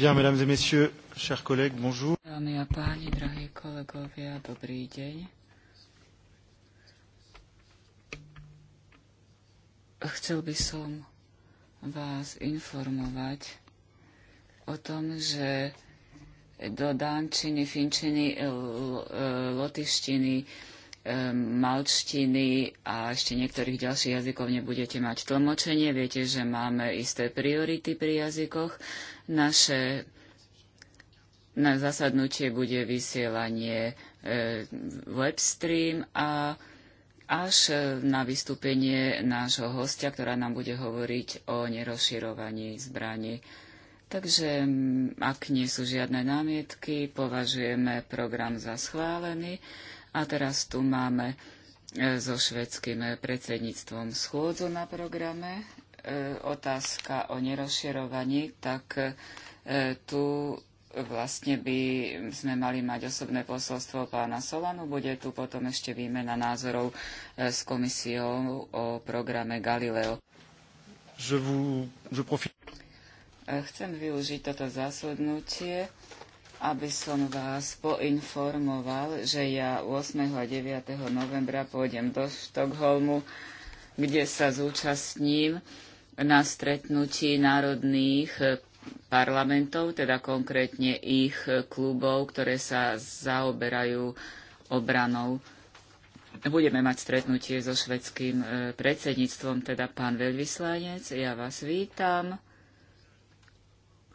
mesdames et messieurs, chers collègues, bonjour. Dámy a páni, drahí kolegovia, dobrý deň. Chcel by som vás informovať o tom, že do dánčiny, finčiny, lotištiny, malčtiny a ešte niektorých ďalších jazykov nebudete mať tlmočenie. Viete, že máme isté priority pri jazykoch. Naše na zasadnutie bude vysielanie e, webstream a až e, na vystúpenie nášho hostia, ktorá nám bude hovoriť o nerozširovaní zbraní. Takže ak nie sú žiadne námietky, považujeme program za schválený. A teraz tu máme e, so švedským predsedníctvom schôdzu na programe. E, otázka o nerozširovaní, tak e, tu vlastne by sme mali mať osobné posolstvo pána Solanu. Bude tu potom ešte výmena názorov s komisiou o programe Galileo. Je vous, je Chcem využiť toto zasadnutie aby som vás poinformoval, že ja 8. a 9. novembra pôjdem do Štokholmu, kde sa zúčastním na stretnutí národných parlamentov, teda konkrétne ich klubov, ktoré sa zaoberajú obranou. Budeme mať stretnutie so švedským e, predsedníctvom, teda pán veľvyslanec, ja vás vítam.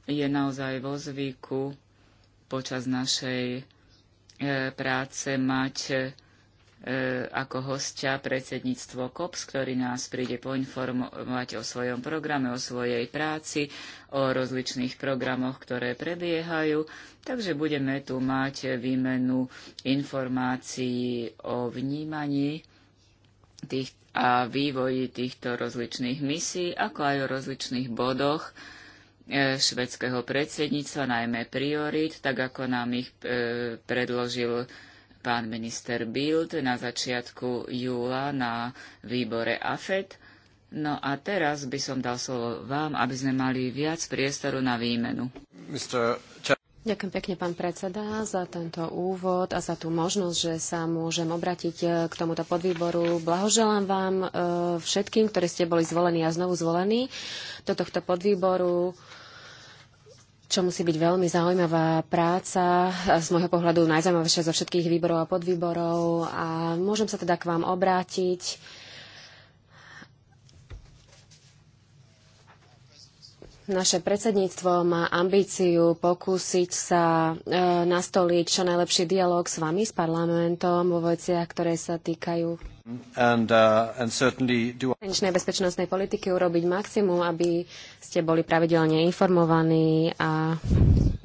Je naozaj vo zvyku počas našej e, práce mať e, ako hostia predsedníctvo COPS, ktorý nás príde poinformovať o svojom programe, o svojej práci, o rozličných programoch, ktoré prebiehajú. Takže budeme tu mať výmenu informácií o vnímaní tých, a vývoji týchto rozličných misií, ako aj o rozličných bodoch, E, švedského predsedníctva, najmä priorít, tak ako nám ich e, predložil pán minister Bild na začiatku júla na výbore AFET. No a teraz by som dal slovo vám, aby sme mali viac priestoru na výmenu. Mr. Ďakujem pekne, pán predseda, za tento úvod a za tú možnosť, že sa môžem obratiť e, k tomuto podvýboru. Blahoželám vám e, všetkým, ktorí ste boli zvolení a znovu zvolení do tohto podvýboru čo musí byť veľmi zaujímavá práca, e, z môjho pohľadu najzaujímavejšia zo všetkých výborov a podvýborov. A môžem sa teda k vám obrátiť Naše predsedníctvo má ambíciu pokúsiť sa e, nastoliť čo najlepší dialog s vami, s parlamentom, vo veciach, ktoré sa týkajú uh, zahraničnej uh, bezpečnostnej politiky, urobiť maximum, aby ste boli pravidelne informovaní a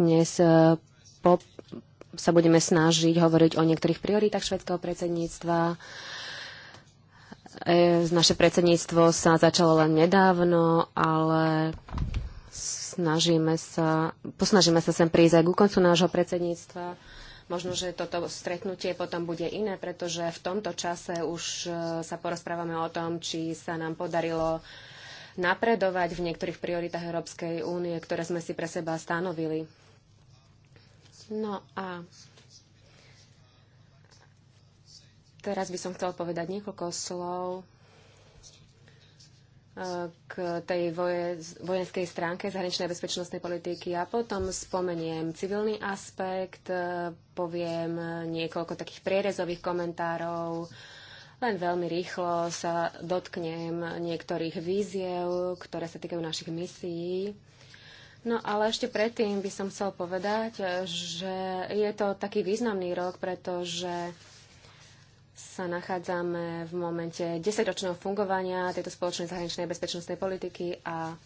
dnes e, po, sa budeme snažiť hovoriť o niektorých prioritách švedského predsedníctva. E, naše predsedníctvo sa začalo len nedávno, ale snažíme sa, posnažíme sa sem prísť aj ku koncu nášho predsedníctva. Možno, že toto stretnutie potom bude iné, pretože v tomto čase už e, sa porozprávame o tom, či sa nám podarilo napredovať v niektorých prioritách Európskej únie, ktoré sme si pre seba stanovili. No a teraz by som chcel povedať niekoľko slov k tej vojenskej stránke zahraničnej bezpečnostnej politiky a potom spomeniem civilný aspekt, e, poviem niekoľko takých prierezových komentárov, len veľmi rýchlo sa dotknem niektorých víziev, ktoré sa týkajú našich misií. No ale ešte predtým by som chcel povedať, že je to taký významný rok, pretože sa nachádzame v momente desaťročného fungovania tejto spoločnej zahraničnej bezpečnostnej politiky a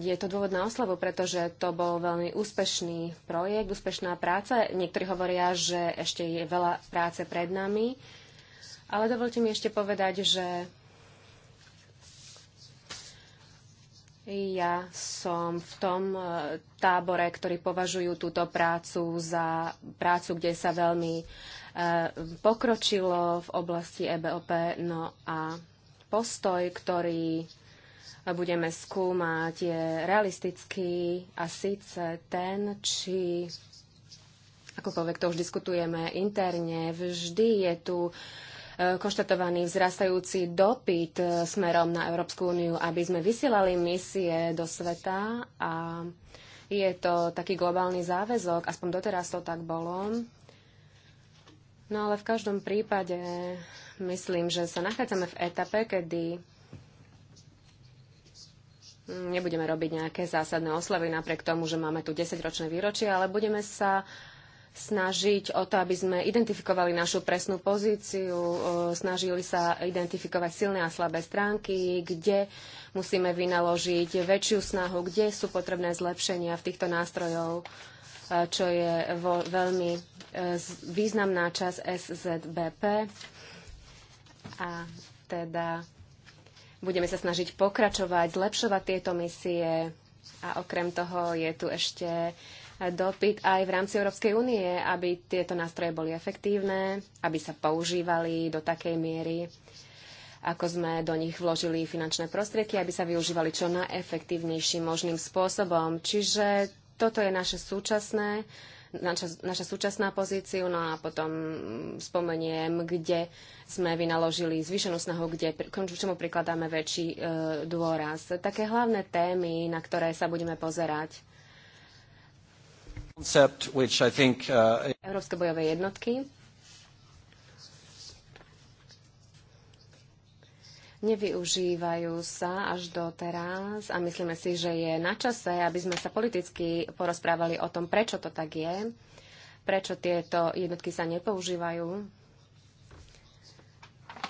je to dôvod na oslavu, pretože to bol veľmi úspešný projekt, úspešná práca. Niektorí hovoria, že ešte je veľa práce pred nami. Ale dovolte mi ešte povedať, že Ja som v tom e, tábore, ktorí považujú túto prácu za prácu, kde sa veľmi e, pokročilo v oblasti EBOP. No a postoj, ktorý budeme skúmať, je realistický a síce ten, či akokoľvek to už diskutujeme interne, vždy je tu konštatovaný vzrastajúci dopyt e, smerom na Európsku úniu, aby sme vysielali misie do sveta a je to taký globálny záväzok, aspoň doteraz to tak bolo. No ale v každom prípade myslím, že sa nachádzame v etape, kedy nebudeme robiť nejaké zásadné oslavy napriek tomu, že máme tu 10-ročné výročie, ale budeme sa uh, snažiť o to, aby sme identifikovali našu presnú pozíciu, e, snažili sa identifikovať silné a slabé stránky, kde musíme vynaložiť väčšiu snahu, kde sú potrebné zlepšenia v týchto nástrojov, e, čo je vo, veľmi e, významná časť SZBP. A teda budeme sa snažiť pokračovať, zlepšovať tieto misie a okrem toho je tu ešte dopyt aj v rámci Európskej únie, aby tieto nástroje boli efektívne, aby sa používali do takej miery, ako sme do nich vložili finančné prostriedky, aby sa využívali čo najefektívnejším možným spôsobom. Čiže toto je naše súčasné, naša, naša súčasná pozícia, no a potom spomeniem, kde sme vynaložili zvýšenú snahu, kde, k čomu prikladáme väčší e, dôraz. Také hlavné témy, na ktoré sa budeme pozerať Concept, think, uh, Európske bojové jednotky. Nevyužívajú sa až do teraz a myslíme si, že je na čase, aby sme sa politicky porozprávali o tom, prečo to tak je, prečo tieto jednotky sa nepoužívajú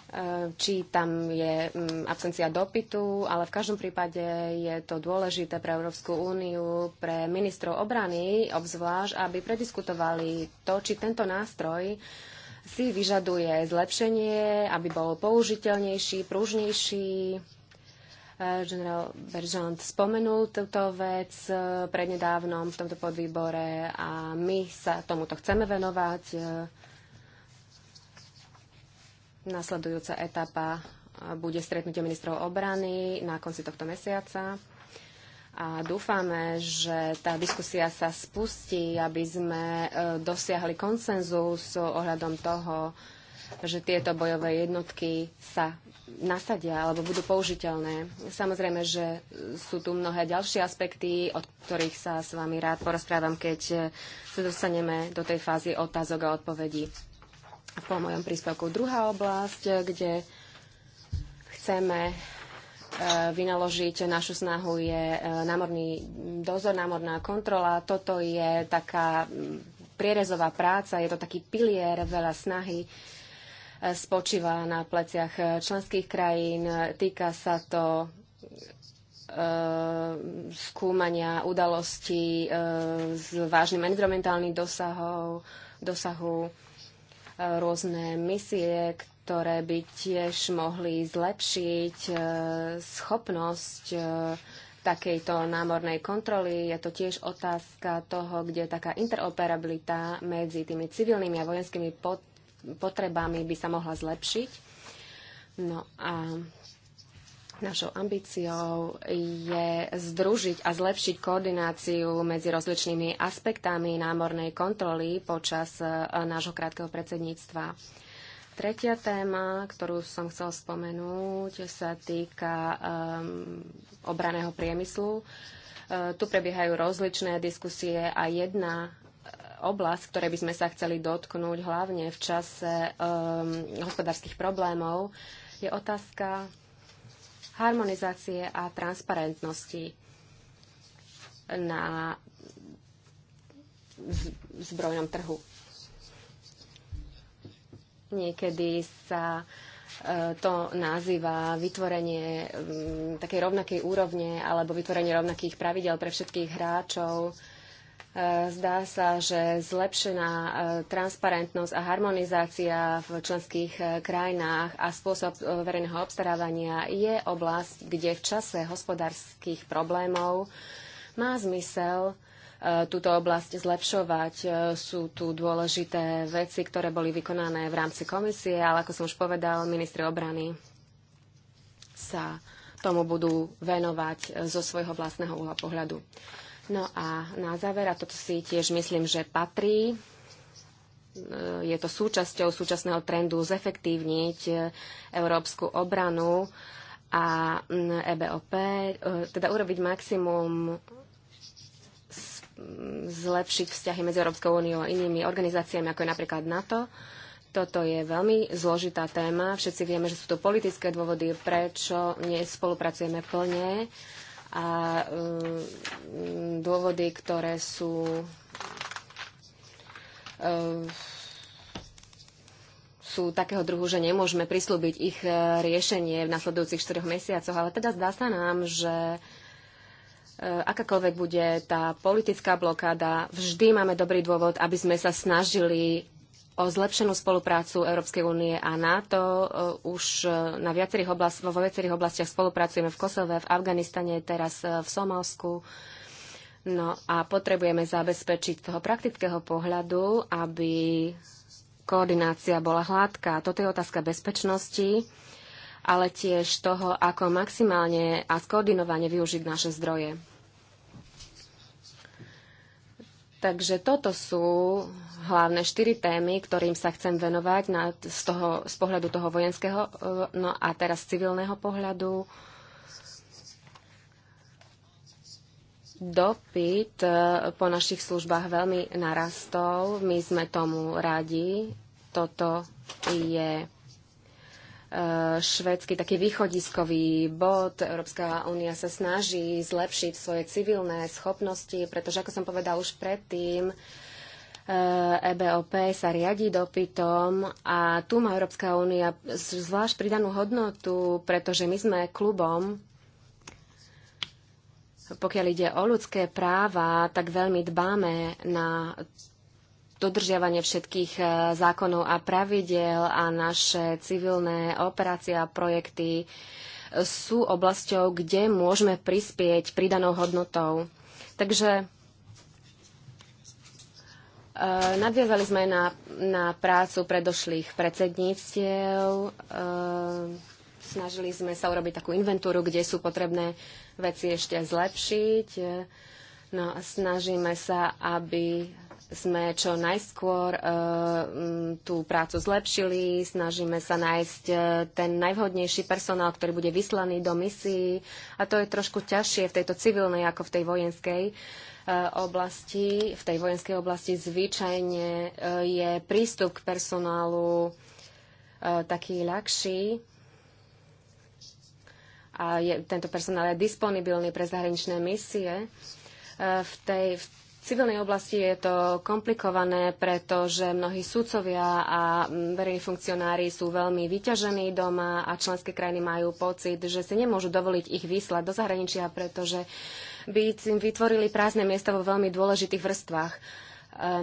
Eh, či tam je mm, absencia dopytu, ale v každom prípade je to dôležité pre Európsku úniu, pre ministrov obrany, obzvlášť, aby prediskutovali to, či tento nástroj si vyžaduje zlepšenie, aby bol použiteľnejší, pružnejší. Eh, generál Beržant spomenul túto vec eh, prednedávnom v tomto podvýbore a my sa tomuto chceme venovať Nasledujúca etapa eh, bude stretnutie ministrov obrany na konci tohto mesiaca. A dúfame, že tá diskusia sa spustí, aby sme eh, dosiahli konsenzus ohľadom toho, že tieto bojové jednotky sa nasadia alebo budú použiteľné. Samozrejme, že sú tu mnohé ďalšie aspekty, od ktorých sa s vami rád porozprávam, keď eh, sa dostaneme do tej fázy otázok a odpovedí po mojom príspevku. Druhá oblasť, kde chceme e, vynaložiť našu snahu je e, námorný dozor, námorná kontrola. Toto je taká mm, prierezová práca, je to taký pilier, veľa snahy e, spočíva na pleciach členských krajín. Týka sa to skúmania udalostí s vážnym environmentálnym dosahom, dosahu, rôzne misie, ktoré by tiež mohli zlepšiť e, schopnosť e, takejto námornej kontroly. Je to tiež otázka toho, kde je taká interoperabilita medzi tými civilnými a vojenskými potrebami by sa mohla zlepšiť. No a Našou ambíciou je združiť a zlepšiť koordináciu medzi rozličnými aspektami námornej kontroly počas e, nášho krátkeho predsedníctva. Tretia téma, ktorú som chcel spomenúť, sa týka um, e, obraného priemyslu. Uh, tu prebiehajú rozličné diskusie a jedna oblasť, ktoré by sme sa chceli dotknúť hlavne v čase um, hospodárskych problémov, je otázka harmonizácie a transparentnosti na zbrojnom trhu. Niekedy sa e, to nazýva vytvorenie takej rovnakej úrovne alebo vytvorenie rovnakých pravidel pre všetkých hráčov Zdá sa, že zlepšená eh, transparentnosť a harmonizácia v členských eh, krajinách a spôsob eh, verejného obstarávania je oblasť, kde v čase hospodárskych problémov má zmysel túto oblasť zlepšovať. Sú tu dôležité veci, ktoré boli vykonané v rámci komisie, ale ako som už povedal, ministri obrany sa tomu budú venovať zo svojho vlastného uhla pohľadu. No a na záver, a toto si tiež myslím, že patrí, e, je to súčasťou súčasného trendu zefektívniť e, európsku obranu a EBOP, e, teda urobiť maximum zlepšiť vzťahy medzi Európskou úniou a inými organizáciami, ako je napríklad NATO. Toto je veľmi zložitá téma. Všetci vieme, že sú to politické dôvody, prečo nespolupracujeme plne a e, dôvody, ktoré sú e, sú takého druhu, že nemôžeme prislúbiť ich e, riešenie v nasledujúcich 4 mesiacoch, ale teda zdá sa nám, že akákoľvek bude tá politická blokáda, vždy máme dobrý dôvod, aby sme sa snažili o zlepšenú spoluprácu Európskej únie a NATO. E, už e, na viacerých oblast, vo viacerých oblastiach spolupracujeme v Kosove, v Afganistane, teraz e, v Somalsku. No a potrebujeme zabezpečiť z toho praktického pohľadu, aby koordinácia bola hladká. Toto je otázka bezpečnosti, ale tiež toho, ako maximálne a skoordinovane využiť naše zdroje. Takže toto sú hlavné štyri témy, ktorým sa chcem venovať na, z, toho, z pohľadu toho vojenského, e, no a teraz civilného pohľadu. Dopyt e, po našich službách veľmi narastol. My sme tomu radi. Toto je Eh, švédsky taký východiskový bod. Európska únia sa snaží zlepšiť svoje civilné schopnosti, pretože, ako som povedal už predtým, EBOP eh, e sa riadi dopytom a tu má Európska únia zvlášť pridanú hodnotu, pretože my sme klubom, pokiaľ ide o ľudské práva, tak veľmi dbáme na dodržiavanie všetkých e, zákonov a pravidel a naše civilné operácie a projekty e, sú oblasťou, kde môžeme prispieť pridanou hodnotou. Takže e, nadviazali sme na, na prácu predošlých predsedníctiev. Snažili sme sa urobiť takú inventúru, kde sú potrebné veci ešte zlepšiť. No a snažíme sa, aby sme čo najskôr eh, tú prácu zlepšili, snažíme sa nájsť eh, ten najvhodnejší personál, ktorý bude vyslaný do misií a to je trošku ťažšie v tejto civilnej ako v tej vojenskej eh, oblasti. V tej vojenskej oblasti zvyčajne je prístup k personálu taký ľahší a je, tento personál je disponibilný pre zahraničné misie. v tej, v civilnej oblasti je to komplikované, pretože mnohí sudcovia a mm, verejní funkcionári sú veľmi vyťažení doma a členské krajiny majú pocit, že si nemôžu dovoliť ich vyslať do zahraničia, pretože by im vytvorili prázdne miesta vo veľmi dôležitých vrstvách. E,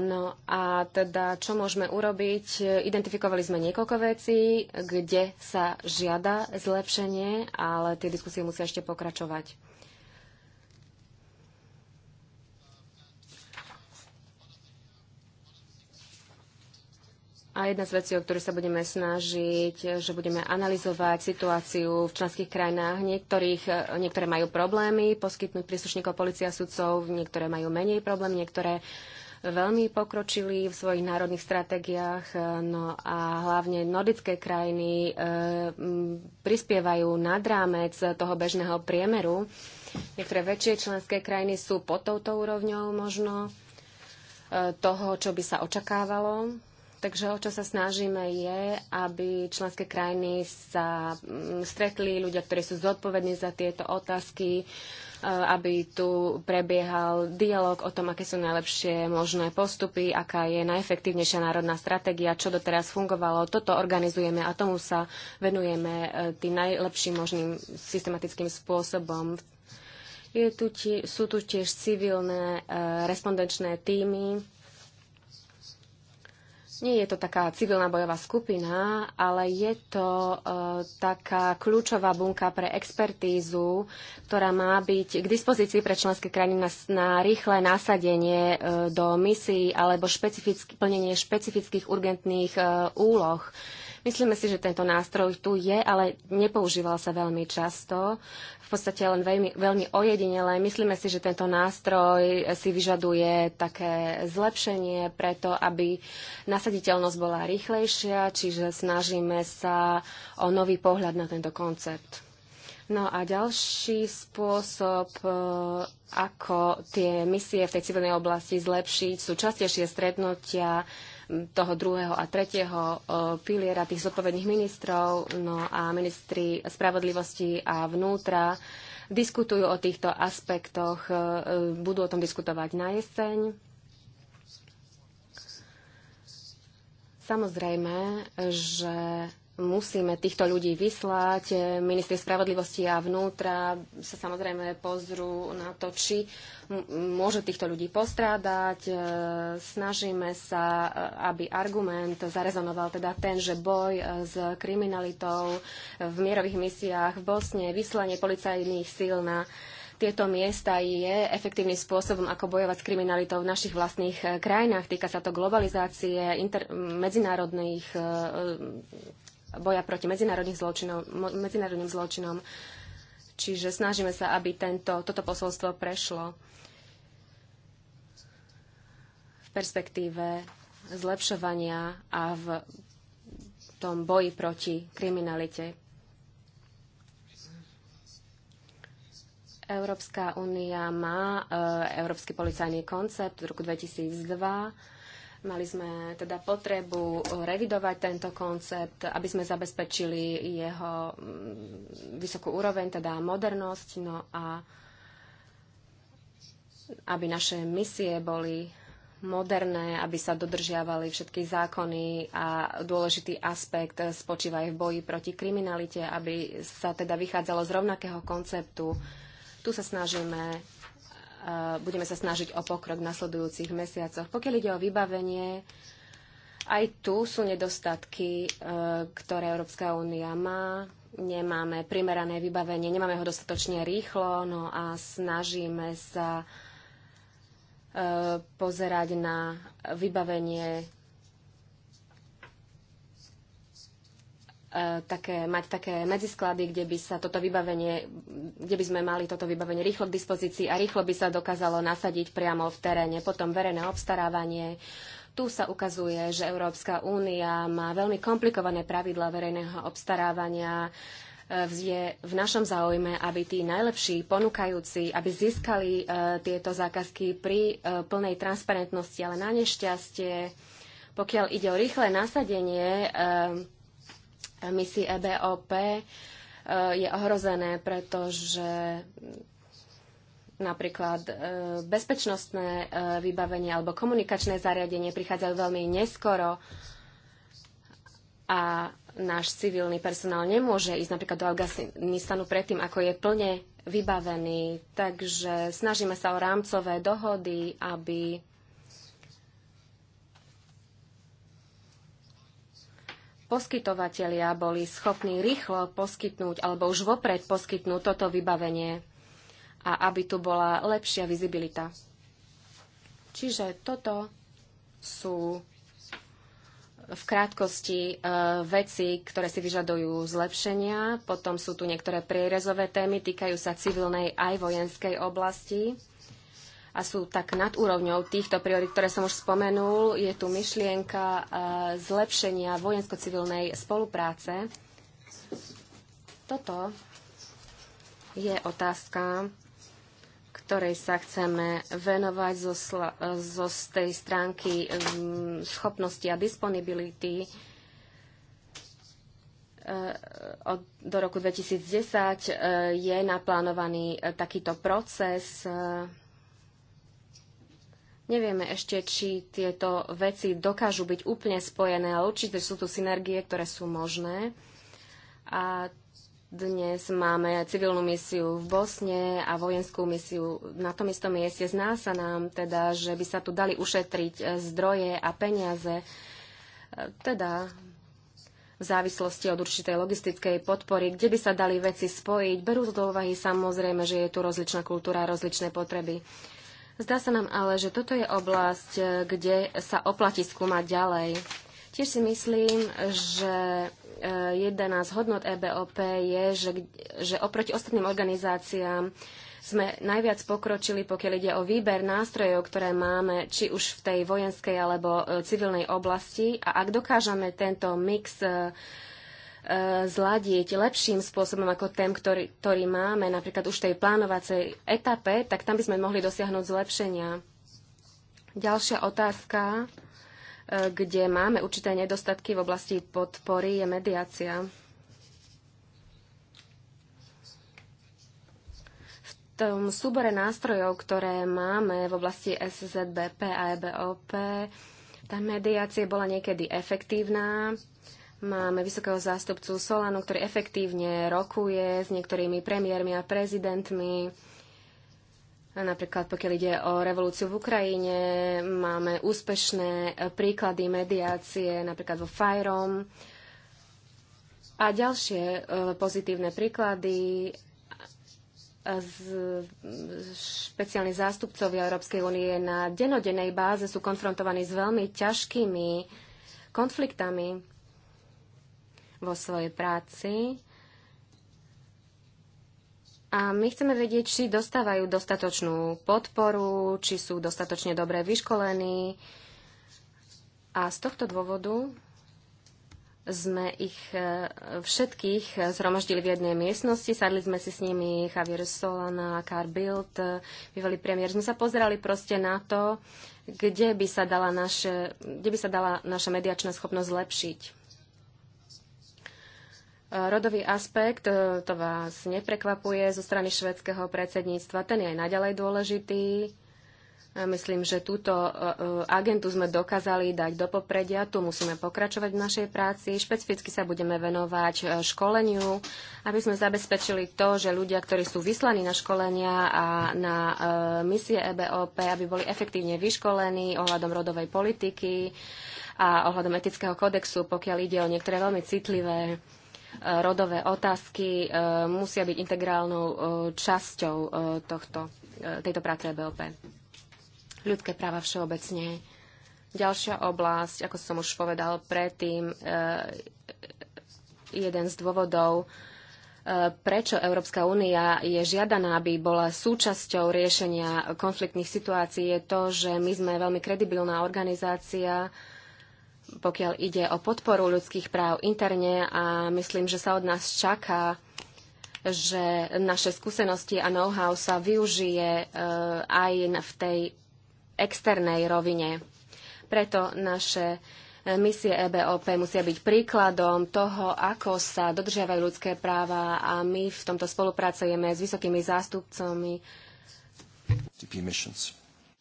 no a teda, čo môžeme urobiť? Identifikovali sme niekoľko vecí, kde sa žiada zlepšenie, ale tie diskusie musia ešte pokračovať. A jedna z vecí, o ktorú sa budeme snažiť, že budeme analyzovať situáciu v členských krajinách. Niektorých, niektoré majú problémy poskytnúť príslušníkov policia sudcov, niektoré majú menej problém, niektoré veľmi pokročili v svojich národných stratégiách, no a hlavne nordické krajiny e, prispievajú nad rámec toho bežného priemeru. Niektoré väčšie členské krajiny sú pod touto úrovňou možno e, toho, čo by sa očakávalo Takže o čo sa snažíme je, aby členské krajiny sa mm, stretli, ľudia, ktorí sú zodpovední za tieto otázky, e, aby tu prebiehal dialog o tom, aké sú najlepšie možné postupy, aká je najefektívnejšia národná stratégia, čo doteraz fungovalo. Toto organizujeme a tomu sa venujeme e, tým najlepším možným systematickým spôsobom. Je tu tie, sú tu tiež civilné e, respondenčné týmy, nie je to taká civilná bojová skupina, ale je to e, taká kľúčová bunka pre expertízu, ktorá má byť k dispozícii pre členské krajiny na, na rýchle násadenie e, do misií alebo špecifick, plnenie špecifických urgentných e, úloh. Myslíme si, že tento nástroj tu je, ale nepoužíval sa veľmi často, v podstate len veľmi, veľmi ojedinele. Myslíme si, že tento nástroj si vyžaduje také zlepšenie preto, aby nasaditeľnosť bola rýchlejšia, čiže snažíme sa o nový pohľad na tento koncept. No a ďalší spôsob, e, ako tie misie v tej civilnej oblasti zlepšiť, sú častejšie stretnutia toho druhého a tretieho e, piliera tých zodpovedných ministrov, no a ministri spravodlivosti a vnútra diskutujú o týchto aspektoch, e, e, budú o tom diskutovať na jeseň. Samozrejme, že musíme týchto ľudí vyslať. Ministri spravodlivosti a vnútra sa samozrejme pozrú na to, či môže týchto ľudí postrádať. E, snažíme sa, e, aby argument zarezonoval teda ten, že boj e, s kriminalitou v mierových misiách v Bosne, vyslanie policajných síl na tieto miesta je efektívnym spôsobom, ako bojovať s kriminalitou v našich vlastných krajinách. Týka sa to globalizácie, medzinárodných boja proti medzinárodným zločinom, medzinárodným zločinom. Čiže snažíme sa, aby tento, toto posolstvo prešlo v perspektíve zlepšovania a v tom boji proti kriminalite. Európska únia má e, Európsky policajný koncept z roku 2002 Mali sme teda potrebu eh, revidovať tento koncept, aby sme zabezpečili jeho mm, vysokú úroveň, teda modernosť, no a aby naše misie boli moderné, aby sa dodržiavali všetky zákony a dôležitý aspekt spočíva aj v boji proti kriminalite, aby sa teda vychádzalo z rovnakého konceptu. Tu sa snažíme budeme sa snažiť o pokrok v nasledujúcich mesiacoch. Pokiaľ ide o vybavenie, aj tu sú nedostatky, e, ktoré Európska únia má. Nemáme primerané vybavenie, nemáme ho dostatočne rýchlo, no a snažíme sa e, pozerať na vybavenie E, také, mať také medzisklady, kde by sa toto vybavenie, kde by sme mali toto vybavenie rýchlo k dispozícii a rýchlo by sa dokázalo nasadiť priamo v teréne. Potom verejné obstarávanie. Tu sa ukazuje, že Európska únia má veľmi komplikované pravidla verejného obstarávania. E, je v našom záujme, aby tí najlepší ponúkajúci, aby získali e, tieto zákazky pri e, plnej transparentnosti, ale na nešťastie, pokiaľ ide o rýchle nasadenie, e, misií EBOP e, je ohrozené, pretože napríklad e, bezpečnostné e, vybavenie alebo komunikačné zariadenie prichádzajú veľmi neskoro a náš civilný personál nemôže ísť napríklad do Afganistanu predtým, ako je plne vybavený. Takže snažíme sa o rámcové dohody, aby poskytovatelia boli schopní rýchlo poskytnúť alebo už vopred poskytnúť toto vybavenie a aby tu bola lepšia vizibilita. Čiže toto sú eh, v krátkosti e, veci, ktoré si vyžadujú zlepšenia. Potom sú tu niektoré prierezové témy, týkajú sa civilnej aj vojenskej oblasti a sú tak nad úrovňou týchto priorit, ktoré som už spomenul. Je tu myšlienka e, zlepšenia vojensko-civilnej spolupráce. Toto je otázka, ktorej sa chceme venovať zo, zo z tej stránky mm, schopnosti a disponibility e, od, do roku 2010 e, je naplánovaný takýto proces Nevieme ešte, či tieto veci dokážu byť úplne spojené, ale určite sú tu synergie, ktoré sú možné. A dnes máme civilnú misiu v Bosne a vojenskú misiu na tom istom mieste. Zná sa nám teda, že by sa tu dali ušetriť e, zdroje a peniaze, e, teda v závislosti od určitej logistickej podpory, kde by sa dali veci spojiť. Berú do úvahy samozrejme, že je tu rozličná kultúra a rozličné potreby. Zdá sa nám ale, že toto je oblasť, e, kde sa oplatí skúmať ďalej. Tiež si myslím, že e, jedna z hodnot EBOP je, že, že oproti ostatným organizáciám sme najviac pokročili, pokiaľ ide o výber nástrojov, ktoré máme, či už v tej vojenskej alebo e, civilnej oblasti. A ak dokážeme tento mix Eh, zladiť lepším spôsobom ako ten, ktorý, ktorý máme, napríklad už v tej plánovacej etape, tak tam by sme mohli dosiahnuť zlepšenia. Ďalšia otázka, eh, kde máme určité nedostatky v oblasti podpory, je mediácia. tom súbore nástrojov, ktoré máme v oblasti SZBP a EBOP, tá mediácia bola niekedy efektívna, Máme vysokého zástupcu Solanu, ktorý efektívne rokuje s niektorými premiérmi a prezidentmi. A napríklad pokiaľ ide o revolúciu v Ukrajine, máme úspešné príklady mediácie, napríklad vo Fajrom. A ďalšie e, pozitívne príklady e, z, špeciálni zástupcovia Európskej únie na denodenej báze sú konfrontovaní s veľmi ťažkými konfliktami vo svojej práci. A my chceme vedieť, či dostávajú dostatočnú podporu, či sú dostatočne dobre vyškolení. A z tohto dôvodu sme ich e, všetkých zhromaždili v jednej miestnosti, sadli sme si s nimi Javier Solana, Carl Bild, e, bývalý premiér. Sme sa pozerali proste na to, kde by sa dala, naše, kde by sa dala naša mediačná schopnosť zlepšiť. Rodový aspekt, e, to vás neprekvapuje, zo strany švedského predsedníctva, ten je aj naďalej dôležitý. E, myslím, že túto e, agentu sme dokázali dať do popredia, tu musíme pokračovať v našej práci. Špecificky sa budeme venovať školeniu, aby sme zabezpečili to, že ľudia, ktorí sú vyslaní na školenia a na misie EBOP, aby boli efektívne vyškolení ohľadom rodovej politiky a ohľadom etického kodexu, pokiaľ ide o niektoré veľmi citlivé Eh, rodové otázky eh, musia byť integrálnou eh, časťou tohto, tejto práce BOP. Ľudské práva všeobecne. Ďalšia oblasť, ako som už povedal predtým, jeden z dôvodov, prečo Európska únia je žiadaná, aby bola súčasťou riešenia konfliktných situácií, je to, že my sme veľmi kredibilná organizácia, pokiaľ ide o podporu ľudských práv interne a myslím, že sa od nás čaká, že naše skúsenosti a know-how sa využije e, aj v tej externej rovine. Preto naše e, misie EBOP musia byť príkladom toho, ako sa dodržiavajú ľudské práva a my v tomto spolupracujeme s vysokými zástupcami.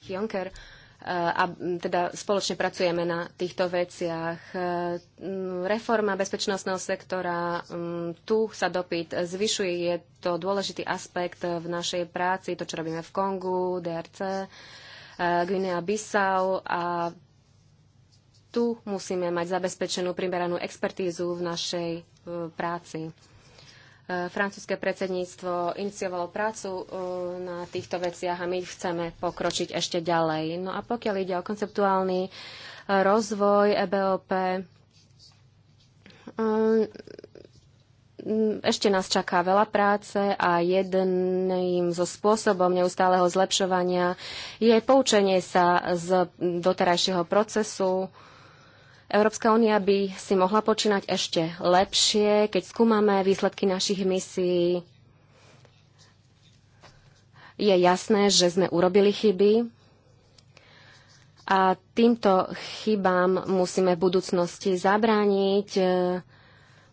Juncker a teda spoločne pracujeme na týchto veciach. E, reforma bezpečnostného sektora, tu sa dopyt zvyšuje, je to dôležitý aspekt v našej práci, to, čo robíme v Kongu, DRC, e, Guinea-Bissau a tu musíme mať zabezpečenú primeranú expertízu v našej e, práci francúzske predsedníctvo iniciovalo prácu uh, na týchto veciach a my chceme pokročiť ešte ďalej. No a pokiaľ ide o konceptuálny uh, rozvoj EBOP, um, ešte nás čaká veľa práce a jedným zo spôsobom neustáleho zlepšovania je poučenie sa z doterajšieho procesu, Európska únia by si mohla počínať ešte lepšie, keď skúmame výsledky našich misií. Je jasné, že sme urobili chyby a týmto chybám musíme v budúcnosti zabrániť.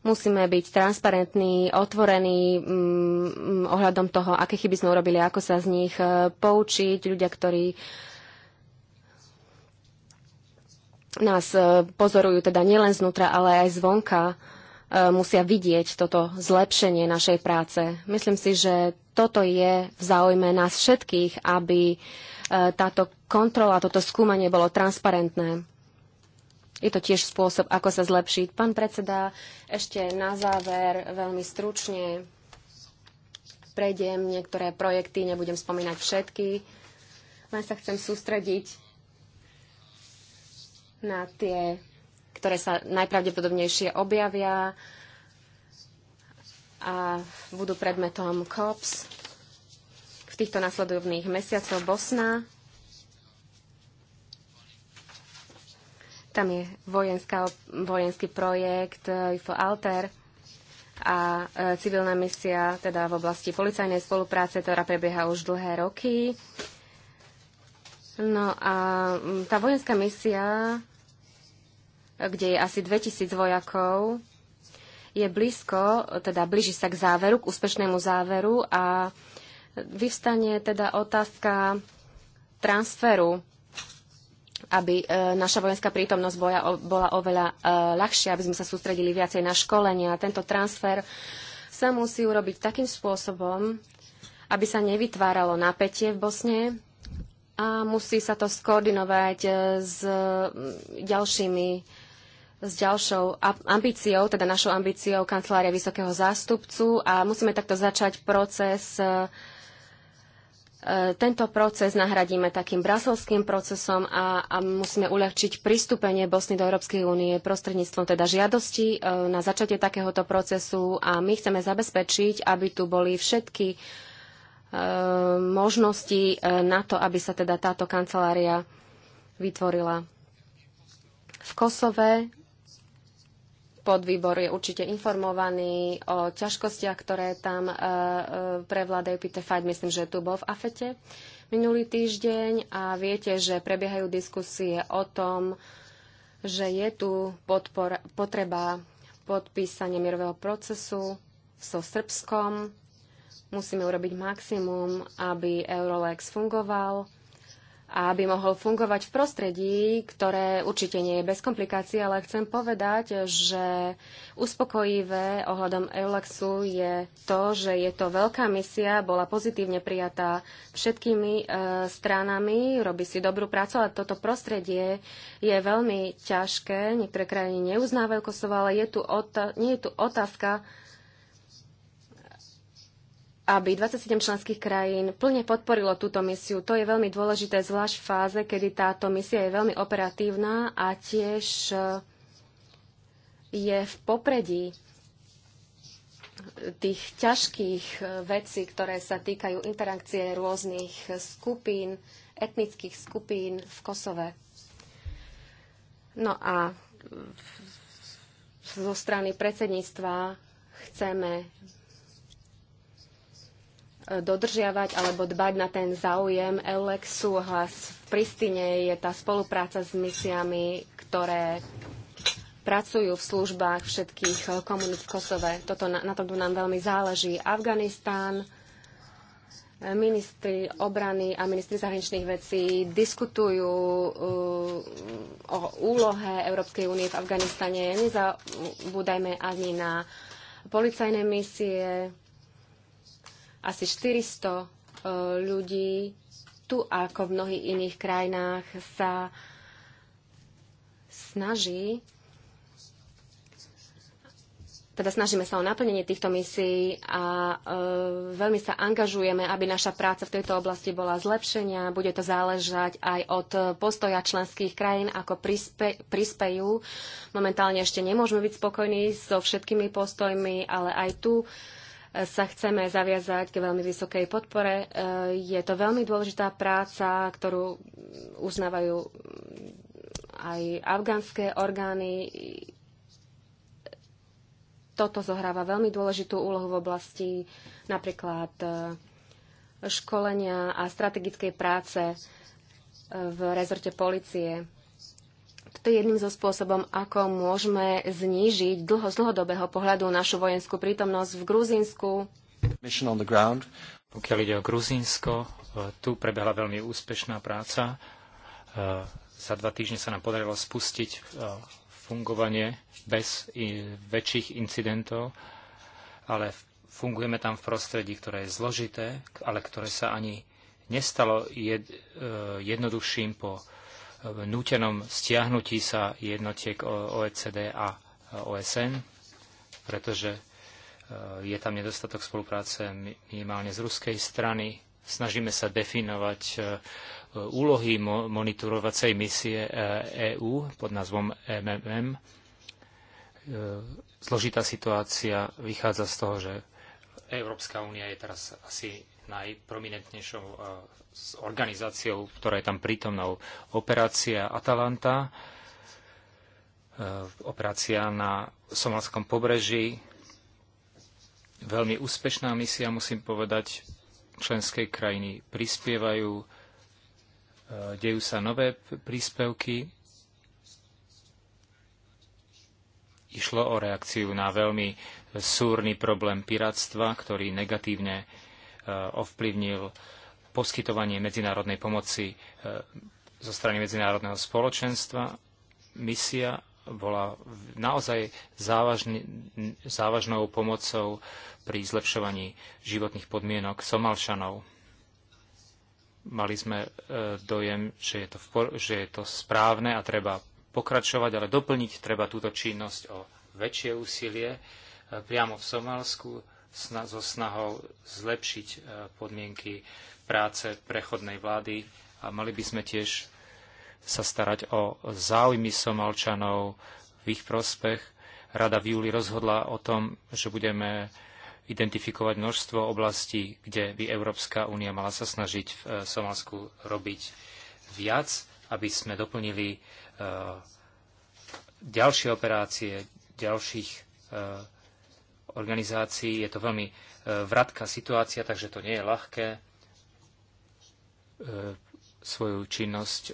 Musíme byť transparentní, otvorení mm, mm, ohľadom toho, aké chyby sme urobili, ako sa z nich e, poučiť. Ľudia, ktorí nás e, pozorujú teda nielen znútra, ale aj zvonka, e, musia vidieť toto zlepšenie našej práce. Myslím si, že toto je v záujme nás všetkých, aby e, táto kontrola, toto skúmanie bolo transparentné. Je to tiež spôsob, ako sa zlepšiť. Pán predseda, ešte na záver veľmi stručne prejdem niektoré projekty, nebudem spomínať všetky. Len sa chcem sústrediť na tie, ktoré sa najpravdepodobnejšie objavia a budú predmetom COPS. V týchto nasledovných mesiacoch Bosna. Tam je vojenská, vojenský projekt eh, IFO Alter a eh, civilná misia teda v oblasti policajnej spolupráce, ktorá prebieha už dlhé roky. No a mm, tá vojenská misia kde je asi 2000 vojakov, je blízko, teda blíži sa k záveru, k úspešnému záveru a vyvstane teda otázka transferu, aby e, naša vojenská prítomnosť boja, bola oveľa e, ľahšia, aby sme sa sústredili viacej na školenia. Tento transfer sa musí urobiť takým spôsobom, aby sa nevytváralo napätie v Bosne, a musí sa to skoordinovať e, s ďalšími s ďalšou ambíciou, teda našou ambíciou kancelária vysokého zástupcu a musíme takto začať proces. E, e, tento proces nahradíme takým braselským procesom a, a musíme uľahčiť pristúpenie Bosny do Európskej únie prostredníctvom teda žiadosti e, na začatie takéhoto procesu a my chceme zabezpečiť, aby tu boli všetky možnosti na to, aby sa teda táto kancelária vytvorila. V Kosove podvýbor je určite informovaný o ťažkostiach, ktoré tam e, e, prevládajú. Peter Fajt, myslím, že tu bol v AFETE minulý týždeň a viete, že prebiehajú diskusie o tom, že je tu podpor, potreba podpísania mierového procesu so Srbskom. Musíme urobiť maximum, aby Eurolex fungoval a aby mohol fungovať v prostredí, ktoré určite nie je bez komplikácií, ale chcem povedať, že uspokojivé ohľadom Eulaxu je to, že je to veľká misia, bola pozitívne prijatá všetkými e, stranami, robí si dobrú prácu, ale toto prostredie je veľmi ťažké. Niektoré krajiny neuznávajú Kosovo, ale je tu nie je tu otázka aby 27 členských krajín plne podporilo túto misiu. To je veľmi dôležité, zvlášť v fáze, kedy táto misia je veľmi operatívna a tiež eh, je v popredí tých ťažkých eh, vecí, ktoré sa týkajú interakcie rôznych skupín, etnických skupín v Kosove. No a zo strany predsedníctva chceme dodržiavať alebo dbať na ten záujem. Eulex súhlas v Pristine je tá spolupráca s misiami, ktoré pracujú v službách všetkých komunít v Kosove. Toto, na, na tomto nám veľmi záleží. Afganistán, ministri obrany a ministri zahraničných vecí diskutujú uh, o úlohe Európskej únie v Afganistane. Nezabúdajme ani na policajné misie, asi 400 e, ľudí tu ako v mnohých iných krajinách sa snaží teda snažíme sa o naplnenie týchto misií a e, veľmi sa angažujeme, aby naša práca v tejto oblasti bola zlepšenia. Bude to záležať aj od postoja členských krajín, ako prispe, prispejú. Momentálne ešte nemôžeme byť spokojní so všetkými postojmi, ale aj tu e, sa chceme zaviazať k veľmi vysokej podpore. E, je to veľmi dôležitá práca, ktorú uznávajú aj afgánske orgány. Toto zohráva veľmi dôležitú úlohu v oblasti napríklad e, školenia a strategickej práce e, v rezorte policie to je jedným zo spôsobom, ako môžeme znížiť dlho, z dlhodobého pohľadu našu vojenskú prítomnosť v Gruzínsku. Pokiaľ ide o Gruzínsko, e, tu prebehla veľmi úspešná práca. E, za dva týždne sa nám podarilo spustiť e, fungovanie bez väčších incidentov, ale fungujeme tam v prostredí, ktoré je zložité, ale ktoré sa ani nestalo jednoduchším po v nútenom stiahnutí sa jednotiek OECD a e, OSN, pretože e, je tam nedostatok spolupráce minimálne z ruskej strany. Snažíme sa definovať e, úlohy monitorovacej misie EÚ pod názvom MMM. Zložitá situácia vychádza z toho, že Európska únia je teraz asi najprominentnejšou e, organizáciou, ktorá je tam prítomnou, operácia Atalanta, e, operácia na somalskom pobreží, veľmi úspešná misia, musím povedať, členské krajiny prispievajú, e, dejú sa nové príspevky. Išlo o reakciu na veľmi súrny problém piráctva, ktorý negatívne Eh, ovplyvnil poskytovanie medzinárodnej pomoci eh, zo strany medzinárodného spoločenstva. Misia bola naozaj závažný, závažnou pomocou pri zlepšovaní životných podmienok Somalšanov. Mali sme eh, dojem, že je, to v, že je to správne a treba pokračovať, ale doplniť treba túto činnosť o väčšie úsilie priamo v Somálsku so snahou zlepšiť e, podmienky práce prechodnej vlády a mali by sme tiež sa starať o záujmy Somalčanov v ich prospech. Rada v júli rozhodla o tom, že budeme identifikovať množstvo oblastí, kde by Európska únia mala sa snažiť v e, Somalsku robiť viac, aby sme doplnili e, ďalšie operácie, ďalších organizácií. Je to veľmi e, vratká situácia, takže to nie je ľahké e, svoju činnosť e,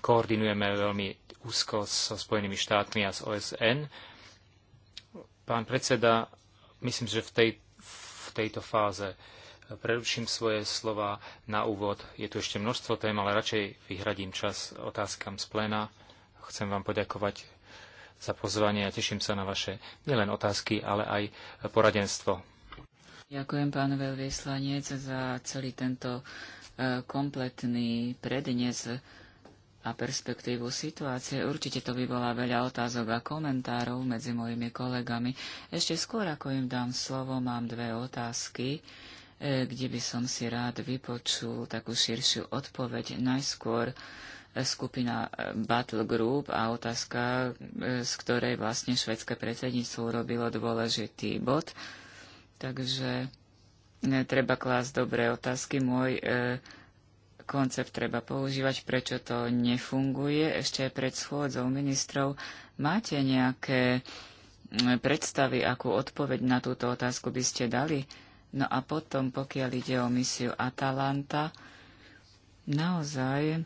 koordinujeme veľmi úzko so Spojenými štátmi a s OSN. Pán predseda, myslím, že v, tej, v tejto fáze preruším svoje slova na úvod. Je tu ešte množstvo tém, ale radšej vyhradím čas otázkam z pléna. Chcem vám poďakovať za pozvanie a teším sa na vaše nielen otázky, ale aj poradenstvo. Ďakujem, pán veľvyslanec, za celý tento e, kompletný prednes a perspektívu situácie. Určite to by bola veľa otázok a komentárov medzi mojimi kolegami. Ešte skôr, ako im dám slovo, mám dve otázky, e, kde by som si rád vypočul takú širšiu odpoveď. Najskôr skupina eh, Battle Group a otázka, eh, z ktorej vlastne švedské predsedníctvo urobilo dôležitý bod. Takže eh, treba klásť dobré otázky. Môj e, koncept treba používať, prečo to nefunguje. Ešte pred schôdzou ministrov máte nejaké predstavy, akú odpoveď na túto otázku by ste dali? No a potom, pokiaľ ide o misiu Atalanta, naozaj